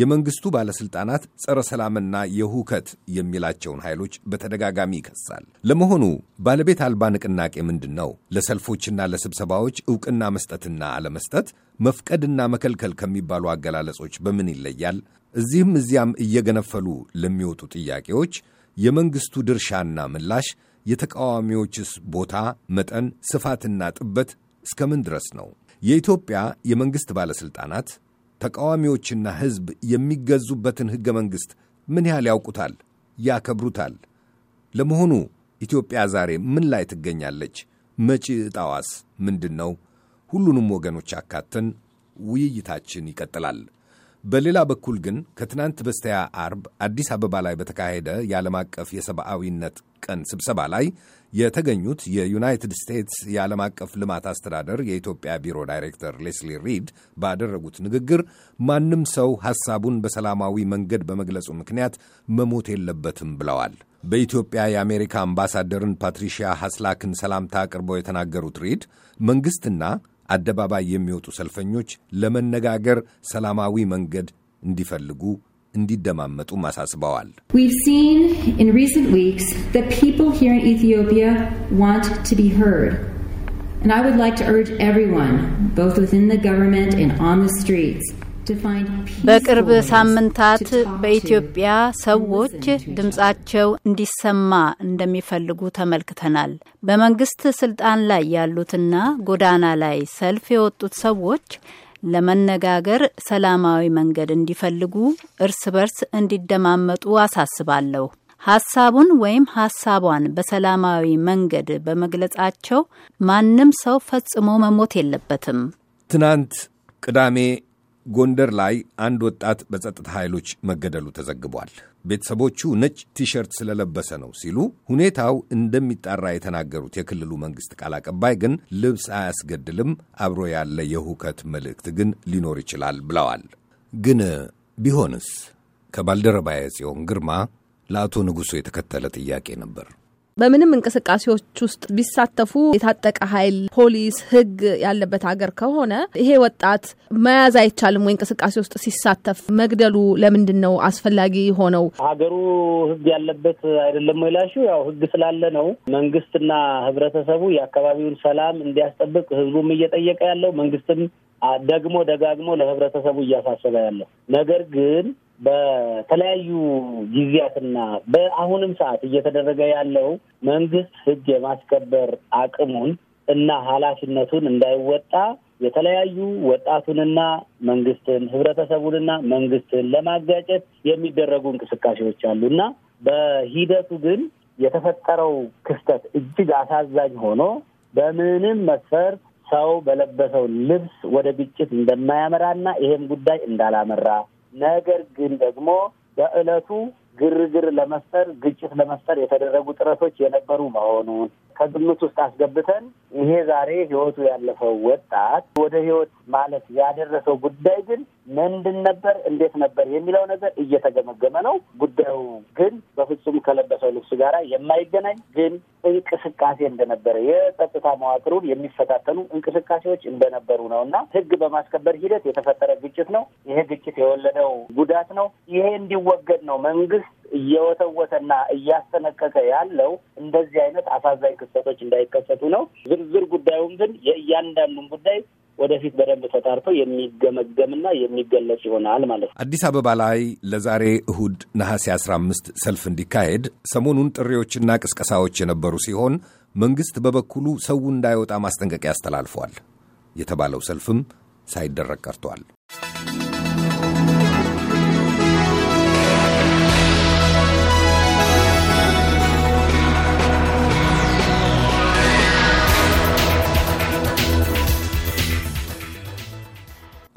የመንግስቱ ባለሥልጣናት ጸረ ሰላምና የሁከት የሚላቸውን ኃይሎች በተደጋጋሚ ይከሳል። ለመሆኑ ባለቤት አልባ ንቅናቄ ምንድን ነው? ለሰልፎችና ለስብሰባዎች እውቅና መስጠትና አለመስጠት፣ መፍቀድና መከልከል ከሚባሉ አገላለጾች በምን ይለያል? እዚህም እዚያም እየገነፈሉ ለሚወጡ ጥያቄዎች የመንግስቱ ድርሻና ምላሽ የተቃዋሚዎችስ ቦታ መጠን፣ ስፋትና ጥበት እስከምን ድረስ ነው? የኢትዮጵያ የመንግሥት ባለሥልጣናት ተቃዋሚዎችና ሕዝብ የሚገዙበትን ሕገ መንግሥት ምን ያህል ያውቁታል? ያከብሩታል? ለመሆኑ ኢትዮጵያ ዛሬ ምን ላይ ትገኛለች? መጪ ዕጣዋስ ምንድን ነው? ሁሉንም ወገኖች አካተን ውይይታችን ይቀጥላል። በሌላ በኩል ግን ከትናንት በስቲያ አርብ አዲስ አበባ ላይ በተካሄደ የዓለም አቀፍ የሰብአዊነት ቀን ስብሰባ ላይ የተገኙት የዩናይትድ ስቴትስ የዓለም አቀፍ ልማት አስተዳደር የኢትዮጵያ ቢሮ ዳይሬክተር ሌስሊ ሪድ ባደረጉት ንግግር ማንም ሰው ሐሳቡን በሰላማዊ መንገድ በመግለጹ ምክንያት መሞት የለበትም ብለዋል። በኢትዮጵያ የአሜሪካ አምባሳደርን ፓትሪሺያ ሐስላክን ሰላምታ አቅርበው የተናገሩት ሪድ መንግሥትና አደባባይ የሚወጡ ሰልፈኞች ለመነጋገር ሰላማዊ መንገድ እንዲፈልጉ እንዲደማመጡም አሳስበዋል። And I would like to urge everyone, both within the government and on the streets, በቅርብ ሳምንታት በኢትዮጵያ ሰዎች ድምጻቸው እንዲሰማ እንደሚፈልጉ ተመልክተናል። በመንግስት ስልጣን ላይ ያሉትና ጎዳና ላይ ሰልፍ የወጡት ሰዎች ለመነጋገር ሰላማዊ መንገድ እንዲፈልጉ፣ እርስ በርስ እንዲደማመጡ አሳስባለሁ። ሀሳቡን ወይም ሀሳቧን በሰላማዊ መንገድ በመግለጻቸው ማንም ሰው ፈጽሞ መሞት የለበትም። ትናንት ቅዳሜ ጎንደር ላይ አንድ ወጣት በጸጥታ ኃይሎች መገደሉ ተዘግቧል። ቤተሰቦቹ ነጭ ቲሸርት ስለለበሰ ነው ሲሉ ሁኔታው እንደሚጣራ የተናገሩት የክልሉ መንግስት ቃል አቀባይ ግን ልብስ አያስገድልም፣ አብሮ ያለ የሁከት መልእክት ግን ሊኖር ይችላል ብለዋል። ግን ቢሆንስ ከባልደረባ የጽዮን ግርማ ለአቶ ንጉሡ የተከተለ ጥያቄ ነበር። በምንም እንቅስቃሴዎች ውስጥ ቢሳተፉ የታጠቀ ኃይል ፖሊስ፣ ህግ ያለበት ሀገር ከሆነ ይሄ ወጣት መያዝ አይቻልም ወይ? እንቅስቃሴ ውስጥ ሲሳተፍ መግደሉ ለምንድን ነው አስፈላጊ ሆነው? ሀገሩ ህግ ያለበት አይደለም ወይ ላሹ ያው ህግ ስላለ ነው። መንግስትና ህብረተሰቡ የአካባቢውን ሰላም እንዲያስጠብቅ ህዝቡም እየጠየቀ ያለው መንግስትም ደግሞ ደጋግሞ ለህብረተሰቡ እያሳሰበ ያለው ነገር ግን በተለያዩ ጊዜያትና በአሁንም ሰዓት እየተደረገ ያለው መንግስት ህግ የማስከበር አቅሙን እና ኃላፊነቱን እንዳይወጣ የተለያዩ ወጣቱንና መንግስትን ህብረተሰቡንና መንግስትን ለማጋጨት የሚደረጉ እንቅስቃሴዎች አሉ እና በሂደቱ ግን የተፈጠረው ክስተት እጅግ አሳዛኝ ሆኖ በምንም መስፈር ሰው በለበሰው ልብስ ወደ ግጭት እንደማያመራና ይሄም ጉዳይ እንዳላመራ ነገር ግን ደግሞ በዕለቱ ግርግር ለመፍጠር ግጭት ለመፍጠር የተደረጉ ጥረቶች የነበሩ መሆኑን ከግምት ውስጥ አስገብተን ይሄ ዛሬ ህይወቱ ያለፈው ወጣት ወደ ህይወት ማለት ያደረሰው ጉዳይ ግን ምንድን ነበር፣ እንዴት ነበር የሚለው ነገር እየተገመገመ ነው። ጉዳዩ ግን በፍጹም ከለበሰው ልብስ ጋር የማይገናኝ ግን እንቅስቃሴ እንደነበረ የጸጥታ መዋቅሩን የሚፈታተኑ እንቅስቃሴዎች እንደነበሩ ነው እና ህግ በማስከበር ሂደት የተፈጠረ ግጭት ነው። ይሄ ግጭት የወለደው ጉዳት ነው። ይሄ እንዲወገድ ነው መንግስት እየወተወተና እያስጠነቀቀ ያለው እንደዚህ አይነት አሳዛኝ ክስተቶች እንዳይከሰቱ ነው። ዝርዝር ጉዳዩም ግን የእያንዳንዱን ጉዳይ ወደፊት በደንብ ተጣርቶ የሚገመገምና የሚገለጽ ይሆናል ማለት ነው። አዲስ አበባ ላይ ለዛሬ እሁድ ነሐሴ 15 ሰልፍ እንዲካሄድ ሰሞኑን ጥሪዎችና ቅስቀሳዎች የነበሩ ሲሆን መንግስት በበኩሉ ሰው እንዳይወጣ ማስጠንቀቂያ አስተላልፏል። የተባለው ሰልፍም ሳይደረግ ቀርቷል።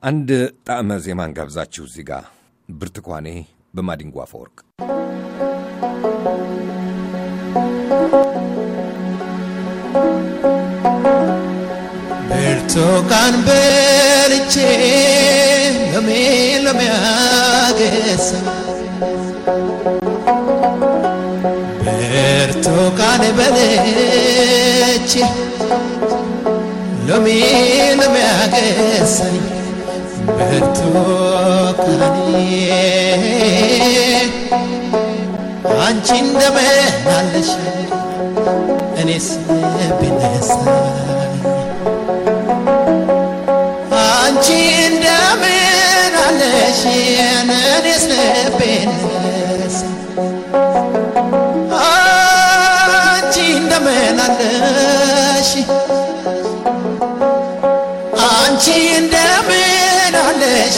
አንድ ጣዕመ ዜማን ጋብዛችሁ እዚህ ጋር ብርትኳኔ በማዲንጎ አፈወርቅ ብርቱካን በልቼ ለሜ ለሚያገሰ ብርቱካን በልቼ ለሜ ለሚያገሳኝ በቶታኔ አንቺ እንደምን አለሽ እኔስ ብነሳ አንቺ እንደምን አለሽ እኔስ ብነሳ አንቺ እንደምን አለሽ አንቺ እንደምን ያለሽ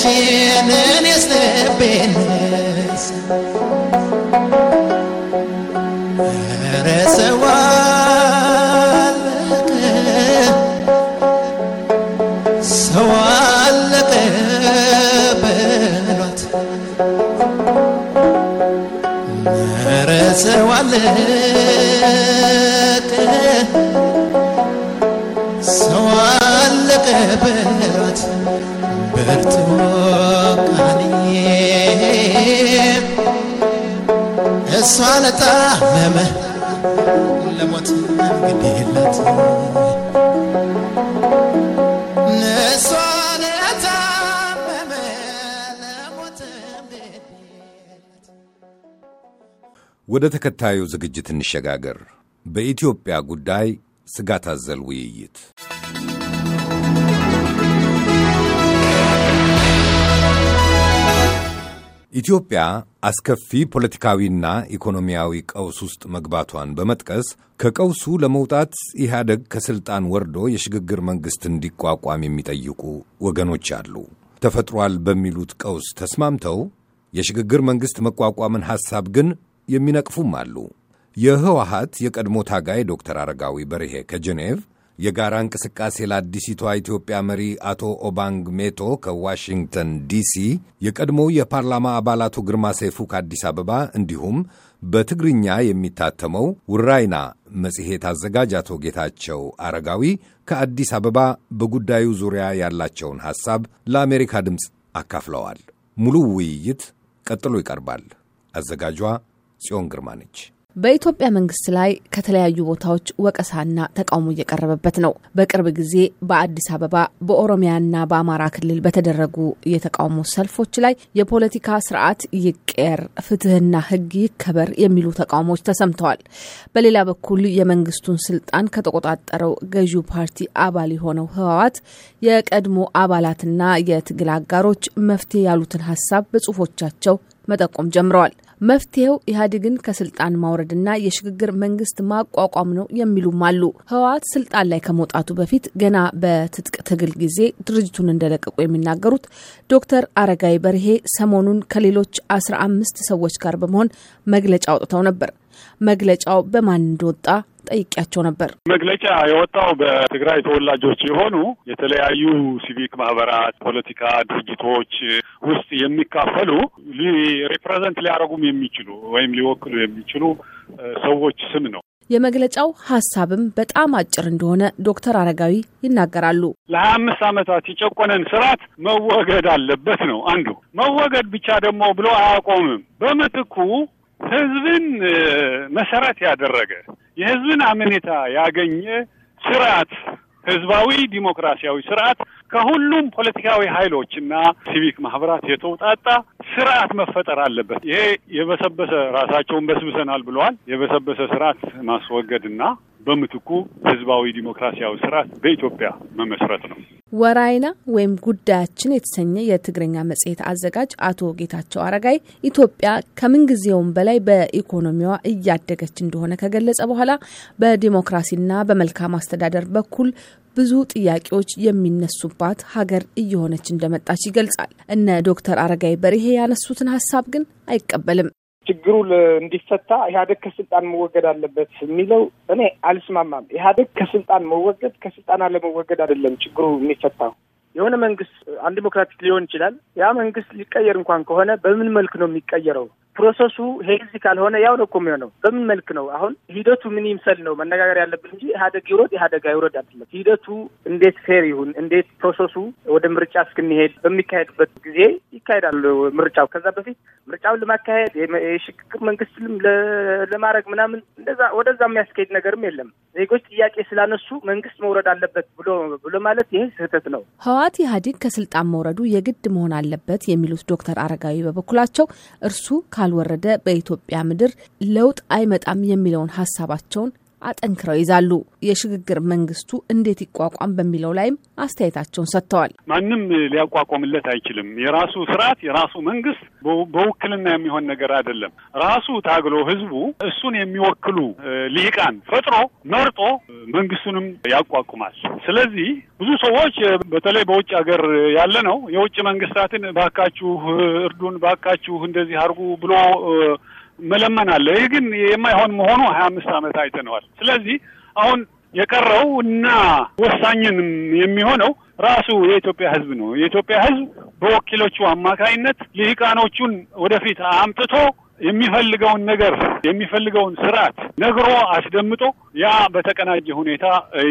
ምን ይስጥብንስ? ኧረ ሰው አለቀ፣ ሰው አለቀ በሏት። ኧረ ሰው አለቀ፣ ሰው በሏት ኧረ ሰው አለቀ በሏት ለሞት ወደ ተከታዩ ዝግጅት እንሸጋገር። በኢትዮጵያ ጉዳይ ስጋት አዘል ውይይት ኢትዮጵያ አስከፊ ፖለቲካዊና ኢኮኖሚያዊ ቀውስ ውስጥ መግባቷን በመጥቀስ ከቀውሱ ለመውጣት ኢህአደግ ከስልጣን ወርዶ የሽግግር መንግሥት እንዲቋቋም የሚጠይቁ ወገኖች አሉ። ተፈጥሯል በሚሉት ቀውስ ተስማምተው የሽግግር መንግሥት መቋቋምን ሐሳብ ግን የሚነቅፉም አሉ። የህወሀት የቀድሞ ታጋይ ዶክተር አረጋዊ በርሄ ከጄኔቭ የጋራ እንቅስቃሴ ለአዲሲቷ ኢትዮጵያ መሪ አቶ ኦባንግ ሜቶ ከዋሽንግተን ዲሲ፣ የቀድሞው የፓርላማ አባላቱ ግርማ ሰይፉ ከአዲስ አበባ እንዲሁም በትግርኛ የሚታተመው ውራይና መጽሔት አዘጋጅ አቶ ጌታቸው አረጋዊ ከአዲስ አበባ በጉዳዩ ዙሪያ ያላቸውን ሐሳብ ለአሜሪካ ድምፅ አካፍለዋል። ሙሉ ውይይት ቀጥሎ ይቀርባል። አዘጋጇ ጽዮን ግርማ ነች። በኢትዮጵያ መንግስት ላይ ከተለያዩ ቦታዎች ወቀሳና ተቃውሞ እየቀረበበት ነው። በቅርብ ጊዜ በአዲስ አበባ በኦሮሚያና በአማራ ክልል በተደረጉ የተቃውሞ ሰልፎች ላይ የፖለቲካ ስርዓት ይቀየር፣ ፍትህና ህግ ይከበር የሚሉ ተቃውሞዎች ተሰምተዋል። በሌላ በኩል የመንግስቱን ስልጣን ከተቆጣጠረው ገዢው ፓርቲ አባል የሆነው ህወሓት የቀድሞ አባላትና የትግል አጋሮች መፍትሄ ያሉትን ሀሳብ በጽሁፎቻቸው መጠቆም ጀምረዋል። መፍትሄው ኢህአዴግን ከስልጣን ማውረድና የሽግግር መንግስት ማቋቋም ነው የሚሉም አሉ። ህወሓት ስልጣን ላይ ከመውጣቱ በፊት ገና በትጥቅ ትግል ጊዜ ድርጅቱን እንደለቀቁ የሚናገሩት ዶክተር አረጋይ በርሄ ሰሞኑን ከሌሎች አስራ አምስት ሰዎች ጋር በመሆን መግለጫ አውጥተው ነበር። መግለጫው በማን እንደወጣ ጠይቄያቸው ነበር። መግለጫ የወጣው በትግራይ ተወላጆች የሆኑ የተለያዩ ሲቪክ ማህበራት፣ ፖለቲካ ድርጅቶች ውስጥ የሚካፈሉ ሪፕሬዘንት ሊያደርጉም የሚችሉ ወይም ሊወክሉ የሚችሉ ሰዎች ስም ነው። የመግለጫው ሀሳብም በጣም አጭር እንደሆነ ዶክተር አረጋዊ ይናገራሉ። ለሀያ አምስት ዓመታት የጨቆነን ስርዓት መወገድ አለበት ነው አንዱ። መወገድ ብቻ ደግሞ ብሎ አያቆምም። በምትኩ ህዝብን መሰረት ያደረገ የህዝብን አመኔታ ያገኘ ስርዓት ህዝባዊ ዲሞክራሲያዊ ስርዓት ከሁሉም ፖለቲካዊ ኃይሎችና ሲቪክ ማህበራት የተውጣጣ ስርዓት መፈጠር አለበት። ይሄ የበሰበሰ ራሳቸውን በስብሰናል ብለዋል። የበሰበሰ ስርዓት ማስወገድና በምትኩ ህዝባዊ ዲሞክራሲያዊ ስርዓት በኢትዮጵያ መመስረት ነው። ወራይና ወይም ጉዳያችን የተሰኘ የትግርኛ መጽሔት አዘጋጅ አቶ ጌታቸው አረጋይ ኢትዮጵያ ከምንጊዜውም በላይ በኢኮኖሚዋ እያደገች እንደሆነ ከገለጸ በኋላ በዲሞክራሲና በመልካም አስተዳደር በኩል ብዙ ጥያቄዎች የሚነሱባት ሀገር እየሆነች እንደመጣች ይገልጻል። እነ ዶክተር አረጋይ በርሄ ያነሱትን ሀሳብ ግን አይቀበልም። ችግሩ እንዲፈታ ኢህአዴግ ከስልጣን መወገድ አለበት የሚለው እኔ አልስማማም። ኢህአዴግ ከስልጣን መወገድ ከስልጣን አለመወገድ አይደለም ችግሩ የሚፈታው የሆነ መንግስት አንድ ዲሞክራቲክ ሊሆን ይችላል። ያ መንግስት ሊቀየር እንኳን ከሆነ በምን መልክ ነው የሚቀየረው? ፕሮሰሱ ሄዚ ካልሆነ ያው ነው እኮ የሚሆነው። በምን መልክ ነው አሁን ሂደቱ ምን ይምሰል ነው መነጋገር ያለብን እንጂ ኢህአደግ ይውረድ ኢህአደግ አይውረድ አይደለም። ሂደቱ እንዴት ፌር ይሁን፣ እንዴት ፕሮሰሱ ወደ ምርጫ እስክንሄድ በሚካሄድበት ጊዜ ይካሄዳል ምርጫው። ከዛ በፊት ምርጫውን ለማካሄድ የሽግግር መንግስትም ለማድረግ ምናምን እንደዛ ወደዛ የሚያስካሄድ ነገርም የለም። ዜጎች ጥያቄ ስላነሱ መንግስት መውረድ አለበት ብሎ ብሎ ማለት ይህ ስህተት ነው። ህወሓት ኢህአዴግ ከስልጣን መውረዱ የግድ መሆን አለበት የሚሉት ዶክተር አረጋዊ በበኩላቸው እርሱ ካልወረደ በኢትዮጵያ ምድር ለውጥ አይመጣም የሚለውን ሀሳባቸውን አጠንክረው ይዛሉ። የሽግግር መንግስቱ እንዴት ይቋቋም በሚለው ላይም አስተያየታቸውን ሰጥተዋል። ማንም ሊያቋቋምለት አይችልም። የራሱ ስርዓት፣ የራሱ መንግስት በውክልና የሚሆን ነገር አይደለም። ራሱ ታግሎ ህዝቡ እሱን የሚወክሉ ልሂቃን ፈጥሮ መርጦ መንግስቱንም ያቋቁማል። ስለዚህ ብዙ ሰዎች በተለይ በውጭ ሀገር ያለ ነው የውጭ መንግስታትን ባካችሁ እርዱን፣ ባካችሁ እንደዚህ አድርጉ ብሎ መለመን አለ። ይህ ግን የማይሆን መሆኑ ሀያ አምስት ዓመት አይተነዋል። ስለዚህ አሁን የቀረው እና ወሳኝንም የሚሆነው ራሱ የኢትዮጵያ ሕዝብ ነው። የኢትዮጵያ ሕዝብ በወኪሎቹ አማካይነት ልሂቃኖቹን ወደፊት አምጥቶ የሚፈልገውን ነገር የሚፈልገውን ስርዓት ነግሮ አስደምጦ ያ በተቀናጀ ሁኔታ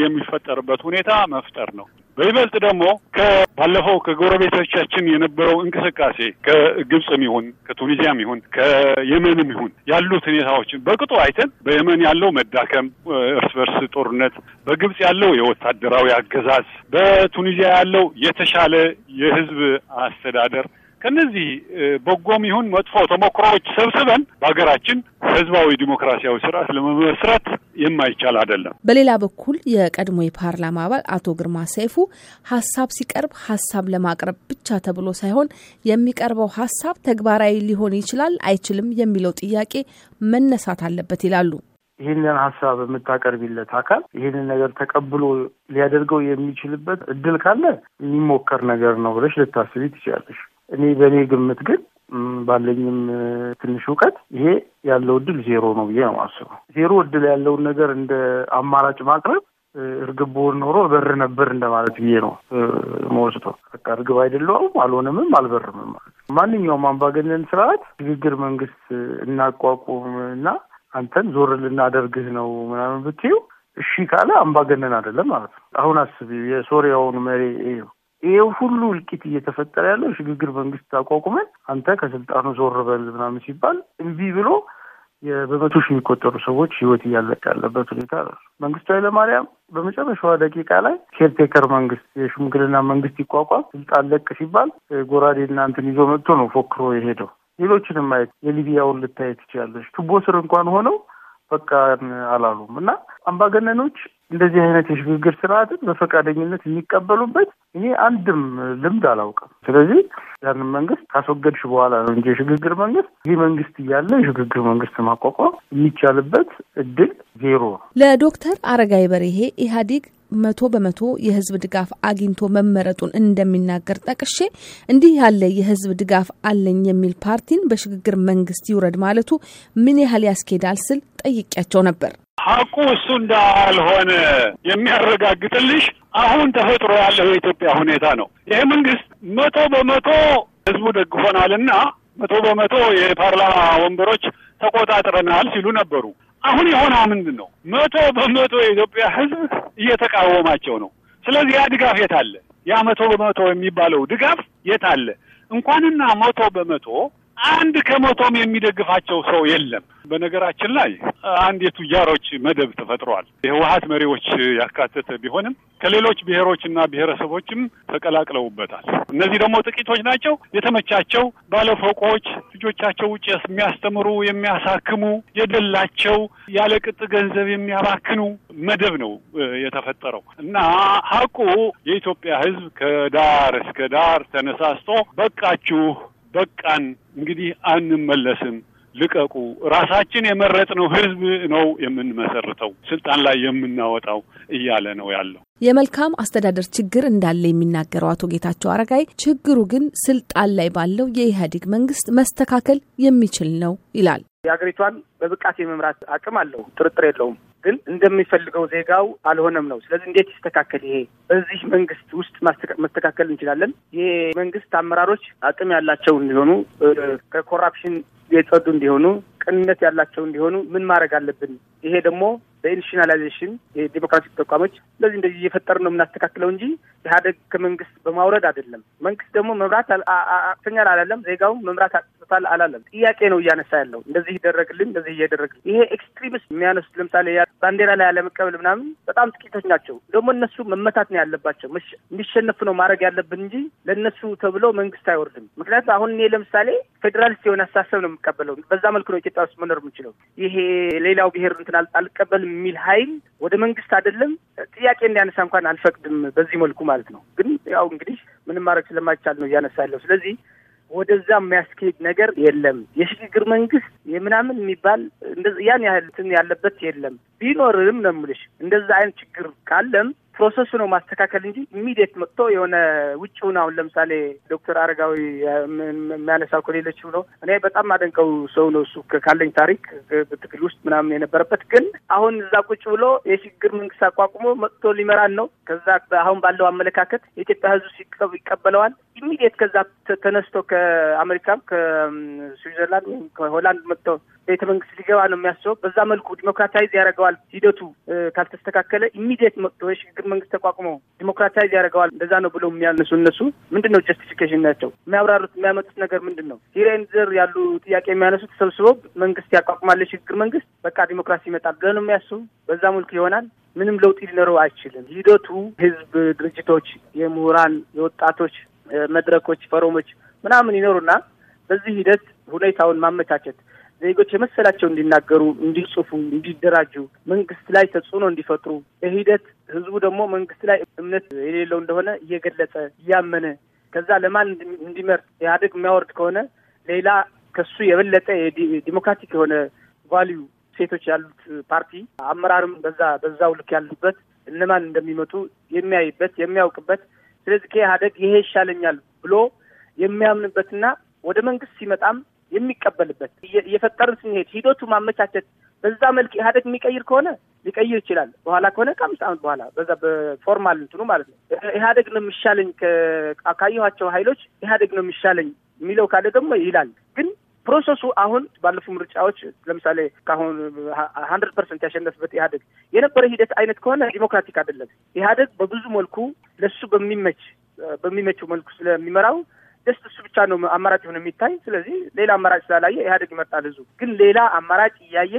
የሚፈጠርበት ሁኔታ መፍጠር ነው። በይበልጥ ደግሞ ከባለፈው ከጎረቤቶቻችን የነበረው እንቅስቃሴ ከግብፅም ይሁን ከቱኒዚያም ይሁን ከየመንም ይሁን ያሉት ሁኔታዎችን በቅጡ አይተን በየመን ያለው መዳከም፣ እርስ በርስ ጦርነት፣ በግብፅ ያለው የወታደራዊ አገዛዝ፣ በቱኒዚያ ያለው የተሻለ የህዝብ አስተዳደር ከነዚህ በጎም ይሁን መጥፎ ተሞክሮዎች ሰብስበን በሀገራችን ህዝባዊ ዲሞክራሲያዊ ስርዓት ለመመስረት የማይቻል አይደለም። በሌላ በኩል የቀድሞ የፓርላማ አባል አቶ ግርማ ሰይፉ ሀሳብ ሲቀርብ ሀሳብ ለማቅረብ ብቻ ተብሎ ሳይሆን የሚቀርበው ሀሳብ ተግባራዊ ሊሆን ይችላል አይችልም የሚለው ጥያቄ መነሳት አለበት ይላሉ። ይህንን ሀሳብ የምታቀርቢለት አካል ይህንን ነገር ተቀብሎ ሊያደርገው የሚችልበት እድል ካለ የሚሞከር ነገር ነው ብለሽ ልታስቢ ትችላለሽ። እኔ በእኔ ግምት ግን ባለኝም ትንሽ እውቀት ይሄ ያለው እድል ዜሮ ነው ብዬ ነው የማስበው። ዜሮ እድል ያለውን ነገር እንደ አማራጭ ማቅረብ እርግብ ብሆን ኖሮ በር ነበር እንደማለት ብዬ ነው መወስቶ። በቃ እርግብ አይደለሁም፣ አልሆንምም፣ አልበርምም። ማንኛውም አምባገነን ስርዓት ሽግግር መንግስት እናቋቁም እና አንተን ዞር ልናደርግህ ነው ምናምን ብትዩ እሺ ካለ አምባገነን አይደለም ማለት ነው። አሁን አስብ የሶሪያውን መሪ ይሄው ሁሉ እልቂት እየተፈጠረ ያለው የሽግግር መንግስት ታቋቁመን አንተ ከስልጣኑ ዞር በል ምናምን ሲባል እምቢ ብሎ በመቶ ሺህ የሚቆጠሩ ሰዎች ህይወት እያለቀ ያለበት ሁኔታ መንግስቱ ኃይለማርያም በመጨረሻዋ ደቂቃ ላይ ኬርቴከር መንግስት የሽምግልና መንግስት ይቋቋም ስልጣን ለቅ ሲባል ጎራዴ እናንትን ይዞ መጥቶ ነው ፎክሮ የሄደው። ሌሎችንም ማየት የሊቢያውን ልታየት ትችላለች። ቱቦ ስር እንኳን ሆነው በቃ አላሉም እና አምባገነኖች እንደዚህ አይነት የሽግግር ስርዓትን በፈቃደኝነት የሚቀበሉበት እኔ አንድም ልምድ አላውቅም። ስለዚህ ያንን መንግስት ካስወገድሽ በኋላ ነው እንጂ የሽግግር መንግስት ይህ መንግስት እያለ የሽግግር መንግስት ማቋቋም የሚቻልበት እድል ዜሮ ነው። ለዶክተር አረጋይ በርሄ ኢህአዲግ መቶ በመቶ የህዝብ ድጋፍ አግኝቶ መመረጡን እንደሚናገር ጠቅሼ እንዲህ ያለ የህዝብ ድጋፍ አለኝ የሚል ፓርቲን በሽግግር መንግስት ይውረድ ማለቱ ምን ያህል ያስኬዳል ስል ጠይቄያቸው ነበር። ሀቁ እሱ እንዳልሆነ የሚያረጋግጥልሽ አሁን ተፈጥሮ ያለው የኢትዮጵያ ሁኔታ ነው። ይሄ መንግስት መቶ በመቶ ህዝቡ ደግፎናልና መቶ በመቶ የፓርላማ ወንበሮች ተቆጣጥረናል ሲሉ ነበሩ። አሁን የሆነው ምንድን ነው? መቶ በመቶ የኢትዮጵያ ህዝብ እየተቃወማቸው ነው። ስለዚህ ያ ድጋፍ የት አለ? ያ መቶ በመቶ የሚባለው ድጋፍ የት አለ? እንኳንና መቶ በመቶ አንድ ከመቶም የሚደግፋቸው ሰው የለም። በነገራችን ላይ አንድ የቱጃሮች መደብ ተፈጥሯል። የህወሀት መሪዎች ያካተተ ቢሆንም ከሌሎች ብሔሮች እና ብሔረሰቦችም ተቀላቅለውበታል። እነዚህ ደግሞ ጥቂቶች ናቸው። የተመቻቸው ባለፎቆች፣ ልጆቻቸው ውጭ የሚያስተምሩ የሚያሳክሙ፣ የደላቸው ያለ ቅጥ ገንዘብ የሚያባክኑ መደብ ነው የተፈጠረው እና ሀቁ የኢትዮጵያ ህዝብ ከዳር እስከ ዳር ተነሳስቶ በቃችሁ በቃን፣ እንግዲህ አንመለስም፣ ልቀቁ፣ ራሳችን የመረጥነው ህዝብ ነው የምንመሰርተው፣ ስልጣን ላይ የምናወጣው እያለ ነው ያለው። የመልካም አስተዳደር ችግር እንዳለ የሚናገረው አቶ ጌታቸው አረጋይ ችግሩ ግን ስልጣን ላይ ባለው የኢህአዴግ መንግስት መስተካከል የሚችል ነው ይላል። የሀገሪቷን በብቃት የመምራት አቅም አለው፣ ጥርጥር የለውም። ግን እንደሚፈልገው ዜጋው አልሆነም ነው። ስለዚህ እንዴት ይስተካከል? ይሄ በዚህ መንግስት ውስጥ መስተካከል እንችላለን። የመንግስት አመራሮች አቅም ያላቸው እንዲሆኑ፣ ከኮራፕሽን የጸዱ እንዲሆኑ ቅንነት ያላቸው እንዲሆኑ ምን ማድረግ አለብን? ይሄ ደግሞ በኢንሽናላይዜሽን የዲሞክራቲክ ተቋሞች ስለዚህ እንደዚህ እየፈጠር ነው የምናስተካክለው እንጂ ኢህአዴግ ከመንግስት በማውረድ አይደለም። መንግስት ደግሞ መምራት አቅተኛል አላለም፣ ዜጋውም መምራት አቅቶታል አላለም። ጥያቄ ነው እያነሳ ያለው እንደዚህ ይደረግልን፣ እንደዚህ እየደረግልን ይሄ ኤክስትሪሚስት የሚያነሱት ለምሳሌ ባንዲራ ላይ ያለመቀበል ምናምን በጣም ጥቂቶች ናቸው። ደግሞ እነሱ መመታት ነው ያለባቸው፣ እንዲሸነፍ ነው ማድረግ ያለብን እንጂ ለእነሱ ተብሎ መንግስት አይወርድም። ምክንያቱም አሁን እኔ ለምሳሌ ፌዴራሊስት የሆነ አስተሳሰብ ነው የምቀበለው። በዛ መልኩ ነው ኢትዮጵያ ውስጥ መኖር የምችለው ይሄ ሌላው ብሔር እንትን አልቀበልም የሚል ሀይል ወደ መንግስት አይደለም ጥያቄ እንዲያነሳ እንኳን አልፈቅድም። በዚህ መልኩ ማለት ነው። ግን ያው እንግዲህ ምንም ማድረግ ስለማይቻል ነው እያነሳ ያለው። ስለዚህ ወደዛ የሚያስኬድ ነገር የለም። የሽግግር መንግስት የምናምን የሚባል ያን ያህል እንትን ያለበት የለም። ቢኖርም ነው የምልሽ እንደዛ አይነት ችግር ካለም ፕሮሰሱ ነው ማስተካከል እንጂ ኢሚዲየት መጥቶ የሆነ ውጭውን አሁን ለምሳሌ ዶክተር አረጋዊ የሚያነሳው ከሌለች ብሎ እኔ በጣም አደንቀው ሰው ነው እሱ ካለኝ ታሪክ በትግል ውስጥ ምናምን የነበረበት ግን አሁን እዛ ቁጭ ብሎ የሽግግር መንግስት አቋቁሞ መጥቶ ሊመራን ነው። ከዛ አሁን ባለው አመለካከት የኢትዮጵያ ሲቀብ ይቀበለዋል። ኢሚዲየት ከዛ ተነስቶ ከአሜሪካም ከስዊዘርላንድ ወይም ከሆላንድ መጥተው ቤተ መንግስት ሊገባ ነው የሚያስበው። በዛ መልኩ ዲሞክራታይዝ ያደርገዋል ሂደቱ ካልተስተካከለ ኢሚዲየት መጥቶ የሽግግር መንግስት ተቋቁመው ዲሞክራታይዝ ያደርገዋል እንደዛ ነው ብለው የሚያነሱ እነሱ ምንድን ነው ጀስቲፊኬሽን ናቸው የሚያብራሩት የሚያመጡት ነገር ምንድን ነው? ሂሬንዘር ያሉ ጥያቄ የሚያነሱ ተሰብስበው መንግስት ያቋቁማል የሽግግር መንግስት በቃ ዲሞክራሲ ይመጣል ብለ ነው የሚያስቡ። በዛ መልኩ ይሆናል። ምንም ለውጥ ሊኖረው አይችልም ሂደቱ። ህዝብ ድርጅቶች፣ የምሁራን፣ የወጣቶች መድረኮች፣ ፈረሞች ምናምን ይኖሩና በዚህ ሂደት ሁኔታውን ማመቻቸት ዜጎች የመሰላቸው እንዲናገሩ፣ እንዲጽፉ፣ እንዲደራጁ፣ መንግስት ላይ ተጽዕኖ እንዲፈጥሩ በሂደት ህዝቡ ደግሞ መንግስት ላይ እምነት የሌለው እንደሆነ እየገለጸ እያመነ ከዛ ለማን እንዲመርጥ ኢህአዴግ የሚያወርድ ከሆነ ሌላ ከሱ የበለጠ ዲሞክራቲክ የሆነ ቫልዩ ሴቶች ያሉት ፓርቲ አመራርም በዛ በዛው ልክ ያሉበት እነማን እንደሚመጡ የሚያይበት የሚያውቅበት ስለዚህ ከኢህአዴግ ይሄ ይሻለኛል ብሎ የሚያምንበትና ወደ መንግስት ሲመጣም የሚቀበልበት እየፈጠርን ስንሄድ ሂደቱ ማመቻቸት በዛ መልክ ኢህአዴግ የሚቀይር ከሆነ ሊቀይር ይችላል። በኋላ ከሆነ ከአምስት ዓመት በኋላ በዛ በፎርማል እንትኑ ማለት ነው። ኢህአዴግ ነው የሚሻለኝ ካየኋቸው ኃይሎች ኢህአዴግ ነው የሚሻለኝ የሚለው ካለ ደግሞ ይላል። ግን ፕሮሰሱ አሁን ባለፉ ምርጫዎች ለምሳሌ ከአሁን ሀንድረድ ፐርሰንት ያሸነፍበት ኢህአዴግ የነበረ ሂደት አይነት ከሆነ ዲሞክራቲክ አይደለም። ኢህአዴግ በብዙ መልኩ ለሱ በሚመች በሚመቸው መልኩ ስለሚመራው ጀስት እሱ ብቻ ነው አማራጭ ሆነ የሚታይ። ስለዚህ ሌላ አማራጭ ስላላየ ኢህአዴግ ይመርጣል። ህዝቡ ግን ሌላ አማራጭ እያየ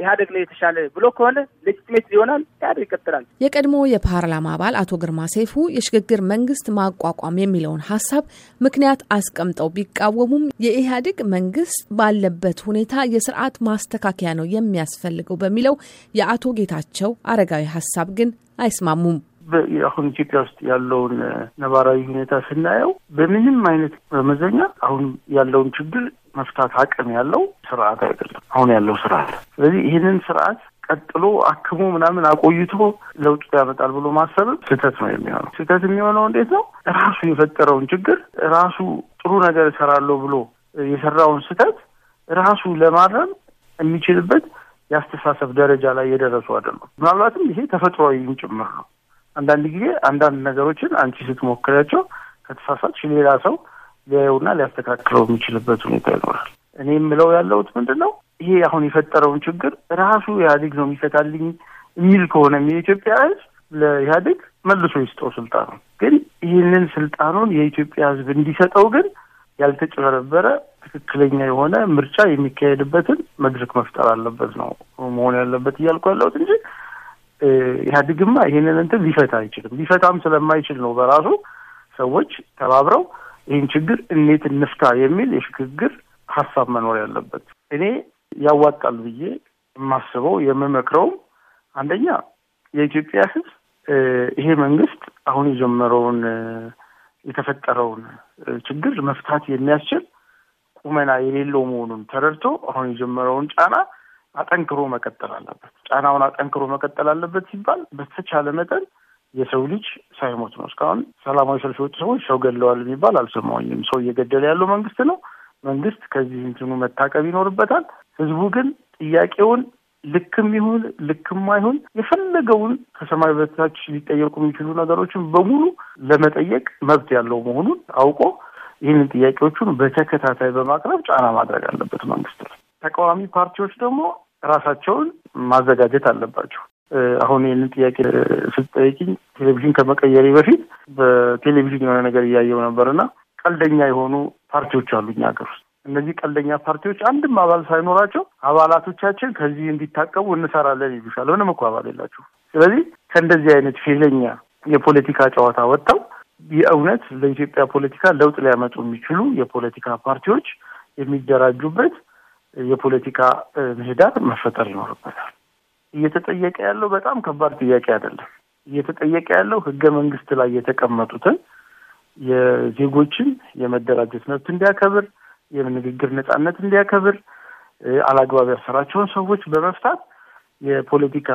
ኢህአዴግ ነው የተሻለ ብሎ ከሆነ ሌጅትሜት ይሆናል፣ ኢህአዴግ ይቀጥላል። የቀድሞ የፓርላማ አባል አቶ ግርማ ሰይፉ የሽግግር መንግስት ማቋቋም የሚለውን ሀሳብ ምክንያት አስቀምጠው ቢቃወሙም የኢህአዴግ መንግስት ባለበት ሁኔታ የስርዓት ማስተካከያ ነው የሚያስፈልገው በሚለው የአቶ ጌታቸው አረጋዊ ሀሳብ ግን አይስማሙም። አሁን ኢትዮጵያ ውስጥ ያለውን ነባራዊ ሁኔታ ስናየው በምንም አይነት በመዘኛ አሁን ያለውን ችግር መፍታት አቅም ያለው ስርዓት አይደለም አሁን ያለው ስርዓት። ስለዚህ ይህንን ስርዓት ቀጥሎ አክሞ ምናምን አቆይቶ ለውጡ ያመጣል ብሎ ማሰብ ስህተት ነው የሚሆነው። ስህተት የሚሆነው እንዴት ነው? ራሱ የፈጠረውን ችግር ራሱ ጥሩ ነገር እሰራለሁ ብሎ የሰራውን ስህተት ራሱ ለማረም የሚችልበት የአስተሳሰብ ደረጃ ላይ የደረሱ አይደሉም። ምናልባትም ይሄ ተፈጥሯዊም ጭምር ነው። አንዳንድ ጊዜ አንዳንድ ነገሮችን አንቺ ስትሞክሪያቸው ከተሳሳትሽ ሌላ ሰው ሊያየውና ሊያስተካክለው የሚችልበት ሁኔታ ይኖራል። እኔ የምለው ያለሁት ምንድን ነው ይሄ አሁን የፈጠረውን ችግር ራሱ ኢህአዴግ ነው የሚፈታልኝ የሚል ከሆነ የኢትዮጵያ ህዝብ ለኢህአዴግ መልሶ ይስጠው ስልጣኑን። ግን ይህንን ስልጣኑን የኢትዮጵያ ህዝብ እንዲሰጠው ግን ያልተጭበረበረ ትክክለኛ የሆነ ምርጫ የሚካሄድበትን መድረክ መፍጠር አለበት ነው መሆን ያለበት እያልኩ ያለሁት እንጂ ኢህአዴግማ ይሄንን እንትን ሊፈታ አይችልም። ሊፈታም ስለማይችል ነው በራሱ ሰዎች ተባብረው ይህን ችግር እንዴት እንፍታ የሚል የሽግግር ሀሳብ መኖር ያለበት። እኔ ያዋጣል ብዬ የማስበው የምመክረውም አንደኛ የኢትዮጵያ ሕዝብ ይሄ መንግስት አሁን የጀመረውን የተፈጠረውን ችግር መፍታት የሚያስችል ቁመና የሌለው መሆኑን ተረድቶ አሁን የጀመረውን ጫና አጠንክሮ መቀጠል አለበት። ጫናውን አጠንክሮ መቀጠል አለበት ሲባል በተቻለ መጠን የሰው ልጅ ሳይሞት ነው። እስካሁን ሰላማዊ ሰልፍ የወጡ ሰዎች ሰው ገለዋል የሚባል አልሰማሁኝም። ሰው እየገደለ ያለው መንግስት ነው። መንግስት ከዚህ እንትኑ መታቀብ ይኖርበታል። ህዝቡ ግን ጥያቄውን ልክም ይሁን ልክም አይሁን የፈለገውን ከሰማይ በታች ሊጠየቁ የሚችሉ ነገሮችን በሙሉ ለመጠየቅ መብት ያለው መሆኑን አውቆ ይህንን ጥያቄዎቹን በተከታታይ በማቅረብ ጫና ማድረግ አለበት መንግስት ነው። ተቃዋሚ ፓርቲዎች ደግሞ ራሳቸውን ማዘጋጀት አለባቸው። አሁን ይህንን ጥያቄ ስትጠይቅኝ ቴሌቪዥን ከመቀየሪ በፊት በቴሌቪዥን የሆነ ነገር እያየው ነበርና ቀልደኛ የሆኑ ፓርቲዎች አሉ እኛ ሀገር ውስጥ። እነዚህ ቀልደኛ ፓርቲዎች አንድም አባል ሳይኖራቸው አባላቶቻችን ከዚህ እንዲታቀቡ እንሰራለን ይሉሻል። ምንም እኮ አባል የላችሁ። ስለዚህ ከእንደዚህ አይነት ፌለኛ የፖለቲካ ጨዋታ ወጥተው የእውነት ለኢትዮጵያ ፖለቲካ ለውጥ ሊያመጡ የሚችሉ የፖለቲካ ፓርቲዎች የሚደራጁበት የፖለቲካ ምህዳር መፈጠር ይኖርበታል። እየተጠየቀ ያለው በጣም ከባድ ጥያቄ አይደለም። እየተጠየቀ ያለው ህገ መንግስት ላይ የተቀመጡትን የዜጎችን የመደራጀት መብት እንዲያከብር፣ የንግግር ነጻነት እንዲያከብር፣ አላግባብ ያሰራቸውን ሰዎች በመፍታት የፖለቲካ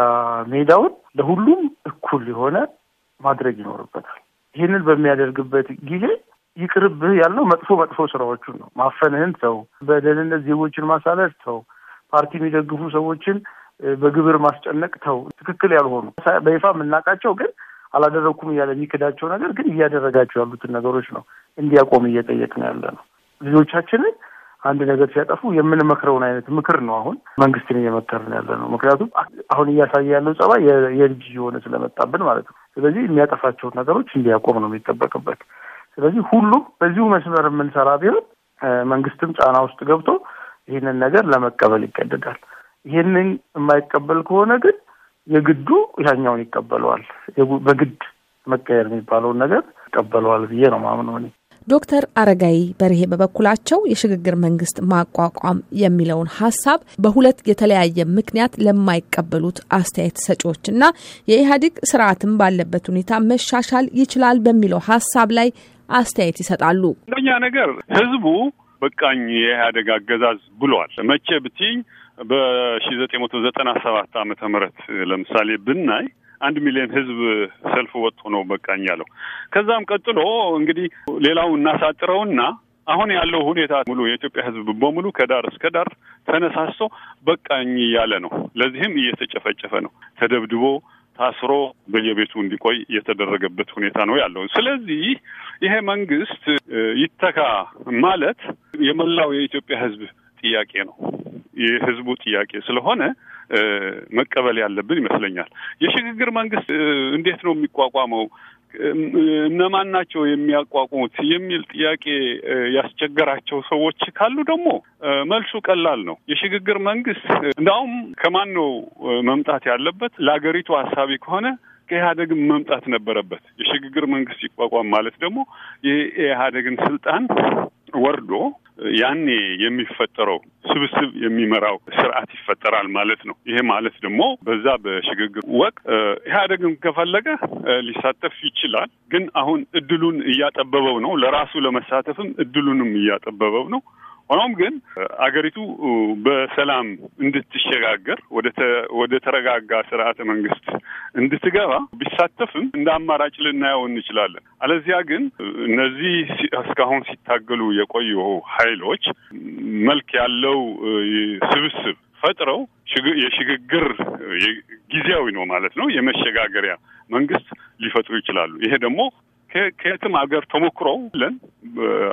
ሜዳውን ለሁሉም እኩል የሆነ ማድረግ ይኖርበታል። ይህንን በሚያደርግበት ጊዜ ይቅርብህ ያለው መጥፎ መጥፎ ስራዎቹን ነው። ማፈንህን ተው፣ በደህንነት ዜጎችን ማሳለፍ ተው፣ ፓርቲ የሚደግፉ ሰዎችን በግብር ማስጨነቅ ተው። ትክክል ያልሆኑ በይፋ የምናውቃቸው ግን አላደረግኩም እያለ የሚክዳቸው ነገር ግን እያደረጋቸው ያሉትን ነገሮች ነው እንዲያቆም ነው ያለ ነው። ልጆቻችንን አንድ ነገር ሲያጠፉ የምንመክረውን አይነት ምክር ነው አሁን መንግስትን እየመከርን ያለ ነው። ምክንያቱም አሁን እያሳየ ያለው ጸባይ የልጅ የሆነ ስለመጣብን ማለት ነው። ስለዚህ የሚያጠፋቸውን ነገሮች እንዲያቆም ነው የሚጠበቅበት። ስለዚህ ሁሉም በዚሁ መስመር የምንሰራ ቢሆን መንግስትም ጫና ውስጥ ገብቶ ይህንን ነገር ለመቀበል ይገደዳል። ይህንን የማይቀበል ከሆነ ግን የግዱ ያኛውን ይቀበለዋል። በግድ መቀየር የሚባለውን ነገር ይቀበለዋል ብዬ ነው ማምን ሆኔ ዶክተር አረጋይ በርሄ በበኩላቸው የሽግግር መንግስት ማቋቋም የሚለውን ሀሳብ በሁለት የተለያየ ምክንያት ለማይቀበሉት አስተያየት ሰጪዎች እና የኢህአዴግ ስርዓትም ባለበት ሁኔታ መሻሻል ይችላል በሚለው ሀሳብ ላይ አስተያየት ይሰጣሉ። አንደኛ ነገር ህዝቡ በቃኝ የኢህአደግ አገዛዝ ብሏል። መቼ ብትይኝ በሺ ዘጠኝ መቶ ዘጠና ሰባት አመተ ምህረት ለምሳሌ ብናይ አንድ ሚሊዮን ህዝብ ሰልፍ ወጥቶ ነው በቃኝ ያለው። ከዛም ቀጥሎ እንግዲህ ሌላው እናሳጥረውና አሁን ያለው ሁኔታ ሙሉ የኢትዮጵያ ህዝብ በሙሉ ከዳር እስከ ዳር ተነሳስቶ በቃኝ እያለ ነው። ለዚህም እየተጨፈጨፈ ነው። ተደብድቦ ታስሮ በየቤቱ እንዲቆይ የተደረገበት ሁኔታ ነው ያለው። ስለዚህ ይሄ መንግስት ይተካ ማለት የመላው የኢትዮጵያ ሕዝብ ጥያቄ ነው። የህዝቡ ጥያቄ ስለሆነ መቀበል ያለብን ይመስለኛል። የሽግግር መንግስት እንዴት ነው የሚቋቋመው? እነማን ናቸው የሚያቋቁሙት የሚል ጥያቄ ያስቸገራቸው ሰዎች ካሉ ደግሞ መልሱ ቀላል ነው። የሽግግር መንግስት እንዳውም ከማን ነው መምጣት ያለበት? ለሀገሪቱ ሀሳቢ ከሆነ ከኢህአደግም መምጣት ነበረበት። የሽግግር መንግስት ይቋቋም ማለት ደግሞ የኢህአደግን ስልጣን ወርዶ ያኔ የሚፈጠረው ስብስብ የሚመራው ስርዓት ይፈጠራል ማለት ነው። ይሄ ማለት ደግሞ በዛ በሽግግር ወቅት ኢህአዴግም ከፈለገ ሊሳተፍ ይችላል። ግን አሁን እድሉን እያጠበበው ነው። ለራሱ ለመሳተፍም እድሉንም እያጠበበው ነው። ሆኖም ግን አገሪቱ በሰላም እንድትሸጋገር ወደ ተረጋጋ ስርዓተ መንግስት እንድትገባ ቢሳተፍም እንደ አማራጭ ልናየው እንችላለን። አለዚያ ግን እነዚህ እስካሁን ሲታገሉ የቆዩ ኃይሎች መልክ ያለው ስብስብ ፈጥረው የሽግግር ጊዜያዊ ነው ማለት ነው የመሸጋገሪያ መንግስት ሊፈጥሩ ይችላሉ። ይሄ ደግሞ ከየትም ሀገር ተሞክሮ ለን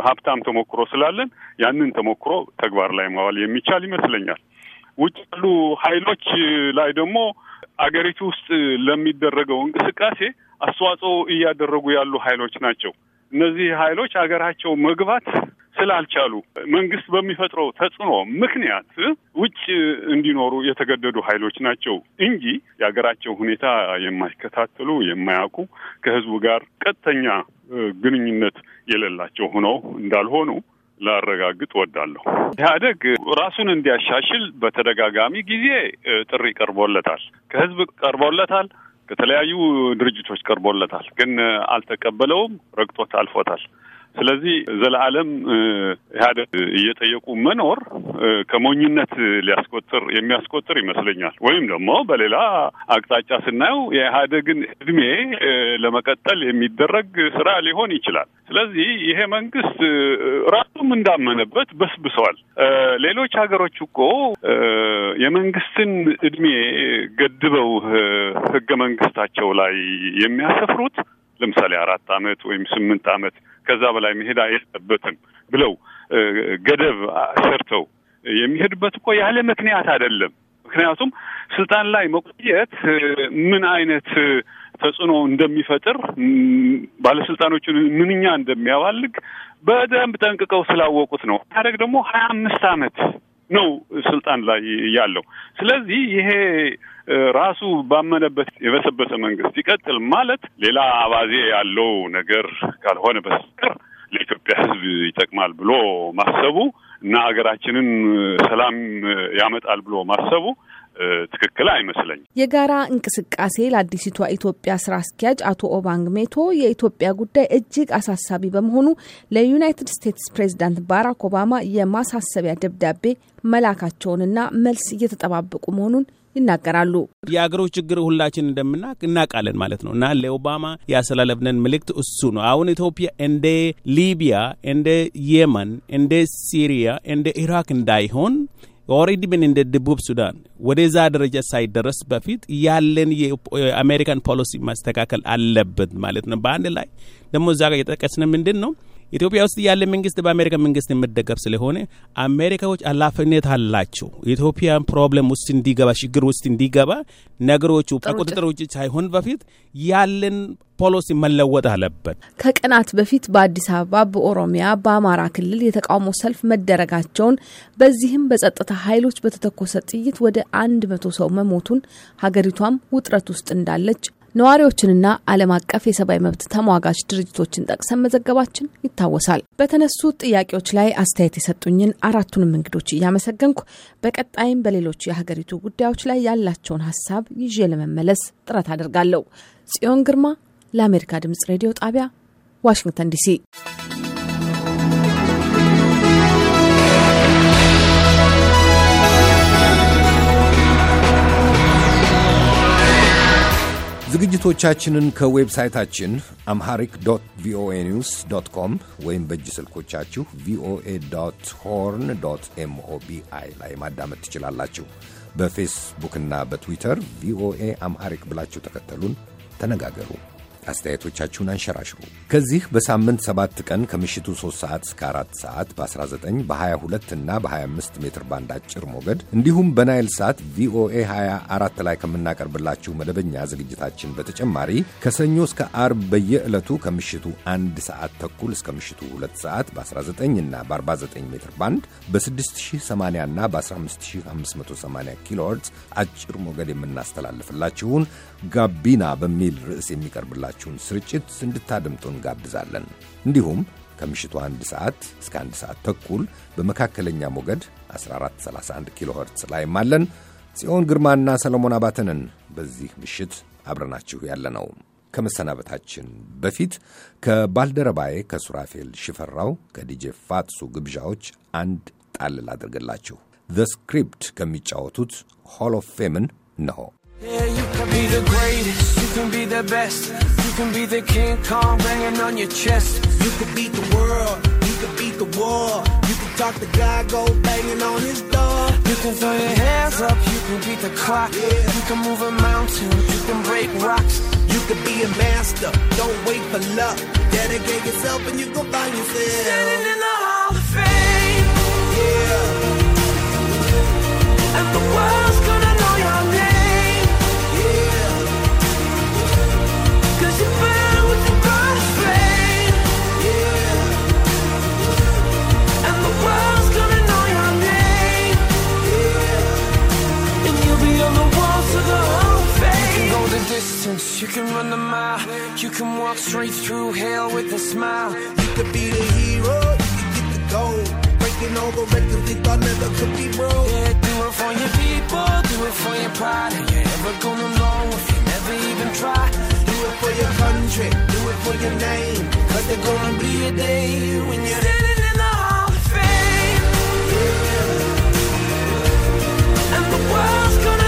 ሀብታም ተሞክሮ ስላለን ያንን ተሞክሮ ተግባር ላይ ማዋል የሚቻል ይመስለኛል። ውጭ ያሉ ኃይሎች ላይ ደግሞ አገሪቱ ውስጥ ለሚደረገው እንቅስቃሴ አስተዋጽኦ እያደረጉ ያሉ ኃይሎች ናቸው። እነዚህ ኃይሎች ሀገራቸው መግባት ስላልቻሉ መንግስት በሚፈጥረው ተጽዕኖ ምክንያት ውጭ እንዲኖሩ የተገደዱ ኃይሎች ናቸው እንጂ የሀገራቸው ሁኔታ የማይከታተሉ የማያውቁ ከህዝቡ ጋር ቀጥተኛ ግንኙነት የሌላቸው ሆነው እንዳልሆኑ ላረጋግጥ ወዳለሁ። ኢህአደግ ራሱን እንዲያሻሽል በተደጋጋሚ ጊዜ ጥሪ ቀርቦለታል። ከህዝብ ቀርቦለታል። ከተለያዩ ድርጅቶች ቀርቦለታል። ግን አልተቀበለውም። ረግጦት አልፎታል። ስለዚህ ዘለዓለም ኢህአዴግ እየጠየቁ መኖር ከሞኝነት ሊያስቆጥር የሚያስቆጥር ይመስለኛል። ወይም ደግሞ በሌላ አቅጣጫ ስናየው የኢህአዴግን እድሜ ለመቀጠል የሚደረግ ስራ ሊሆን ይችላል። ስለዚህ ይሄ መንግስት ራሱም እንዳመነበት በስብሰዋል። ሌሎች ሀገሮች እኮ የመንግስትን እድሜ ገድበው ህገ መንግስታቸው ላይ የሚያሰፍሩት ለምሳሌ አራት ዓመት ወይም ስምንት ዓመት ከዛ በላይ መሄድ የለበትም ብለው ገደብ ሰርተው የሚሄዱበት እኮ ያለ ምክንያት አይደለም። ምክንያቱም ስልጣን ላይ መቆየት ምን አይነት ተጽዕኖ እንደሚፈጥር ባለስልጣኖችን ምንኛ እንደሚያባልግ በደንብ ጠንቅቀው ስላወቁት ነው። ታደግ ደግሞ ሀያ አምስት ዓመት ነው ስልጣን ላይ ያለው። ስለዚህ ይሄ ራሱ ባመነበት የበሰበሰ መንግስት ይቀጥል ማለት ሌላ አባዜ ያለው ነገር ካልሆነ በስተቀር ለኢትዮጵያ ሕዝብ ይጠቅማል ብሎ ማሰቡ እና ሀገራችንን ሰላም ያመጣል ብሎ ማሰቡ ትክክል አይመስለኝም። የጋራ እንቅስቃሴ ለአዲሲቷ ኢትዮጵያ ስራ አስኪያጅ አቶ ኦባንግ ሜቶ የኢትዮጵያ ጉዳይ እጅግ አሳሳቢ በመሆኑ ለዩናይትድ ስቴትስ ፕሬዚዳንት ባራክ ኦባማ የማሳሰቢያ ደብዳቤ መላካቸውንና መልስ እየተጠባበቁ መሆኑን ይናገራሉ። የአገሮች ችግር ሁላችን እንደምናቅ እናቃለን ማለት ነው እና ለኦባማ ያስተላለፍነን መልእክት እሱ ነው። አሁን ኢትዮጵያ እንደ ሊቢያ፣ እንደ የመን፣ እንደ ሲሪያ፣ እንደ ኢራክ እንዳይሆን ኦልሬዲ ምን እንደ ደቡብ ሱዳን ወደዛ ደረጃ ሳይደረስ በፊት ያለን የአሜሪካን ፖሊሲ ማስተካከል አለበት ማለት ነው። በአንድ ላይ ደግሞ እዛ ጋር የጠቀስን ምንድን ነው ኢትዮጵያ ውስጥ ያለ መንግስት በአሜሪካ መንግስት የምደገፍ ስለሆነ አሜሪካዎች ኃላፊነት አላቸው። ኢትዮጵያን ፕሮብለም ውስጥ እንዲገባ ችግር ውስጥ እንዲገባ ነገሮቹ ከቁጥጥር ውጭ ሳይሆን በፊት ያለን ፖሊሲ መለወጥ አለበት። ከቀናት በፊት በአዲስ አበባ፣ በኦሮሚያ፣ በአማራ ክልል የተቃውሞ ሰልፍ መደረጋቸውን በዚህም በጸጥታ ኃይሎች በተተኮሰ ጥይት ወደ አንድ መቶ ሰው መሞቱን ሀገሪቷም ውጥረት ውስጥ እንዳለች ነዋሪዎችንና ዓለም አቀፍ የሰብአዊ መብት ተሟጋች ድርጅቶችን ጠቅሰን መዘገባችን ይታወሳል። በተነሱ ጥያቄዎች ላይ አስተያየት የሰጡኝን አራቱንም እንግዶች እያመሰገንኩ በቀጣይም በሌሎች የሀገሪቱ ጉዳዮች ላይ ያላቸውን ሀሳብ ይዤ ለመመለስ ጥረት አደርጋለሁ። ጽዮን ግርማ ለአሜሪካ ድምጽ ሬዲዮ ጣቢያ ዋሽንግተን ዲሲ ዝግጅቶቻችንን ከዌብሳይታችን አምሃሪክ ዶት ቪኦኤ ኒውስ ዶት ኮም ወይም በእጅ ስልኮቻችሁ ቪኦኤ ዶት ሆርን ዶት ኤምኦቢአይ ላይ ማዳመጥ ትችላላችሁ። በፌስቡክና በትዊተር ቪኦኤ አምሃሪክ ብላችሁ ተከተሉን፣ ተነጋገሩ። አስተያየቶቻችሁን አንሸራሽሩ። ከዚህ በሳምንት ሰባት ቀን ከምሽቱ 3 ሰዓት እስከ 4 ሰዓት በ19 በ22 እና በ25 ሜትር ባንድ አጭር ሞገድ እንዲሁም በናይል ሳት ቪኦኤ 24 ላይ ከምናቀርብላችሁ መደበኛ ዝግጅታችን በተጨማሪ ከሰኞ እስከ አርብ በየዕለቱ ከምሽቱ 1 ሰዓት ተኩል እስከ ምሽቱ 2 ሰዓት በ19 እና በ49 ሜትር ባንድ በ6080 እና በ15580 ኪሎ ሄርዝ አጭር ሞገድ የምናስተላልፍላችሁን ጋቢና በሚል ርዕስ የሚቀርብላችሁን ስርጭት እንድታደምጡ እንጋብዛለን። እንዲሁም ከምሽቱ አንድ ሰዓት እስከ አንድ ሰዓት ተኩል በመካከለኛ ሞገድ 1431 ኪሎ ኸርትስ ላይም አለን። ጽዮን ግርማና ሰለሞን አባተንን በዚህ ምሽት አብረናችሁ ያለ ነው። ከመሰናበታችን በፊት ከባልደረባዬ ከሱራፌል ሽፈራው ከዲጄ ፋጥሱ ግብዣዎች አንድ ጣልል ላድርግላችሁ። ዘ ስክሪፕት ከሚጫወቱት ሆል ኦፍ ፌምን ነው። Yeah, you can be the greatest, you can be the best, you can be the King Kong banging on your chest. You can beat the world, you can beat the war, you can talk to God, go banging on his door. You can throw your hands up, you can beat the clock, yeah. you can move a mountain, you can break rocks. You can be a master, don't wait for luck. Dedicate yourself and you can find yourself. Standing in the distance, you can run the mile. You can walk straight through hell with a smile. You could be the hero, you could get the gold. Breaking all the records they thought never could be broke. Yeah, do it for your people, do it for your pride. And you're never gonna know if you never even try. Do it for your country, do it for your name. Cause there's gonna be a day when you're standing in the hall of fame. Yeah. And the world's gonna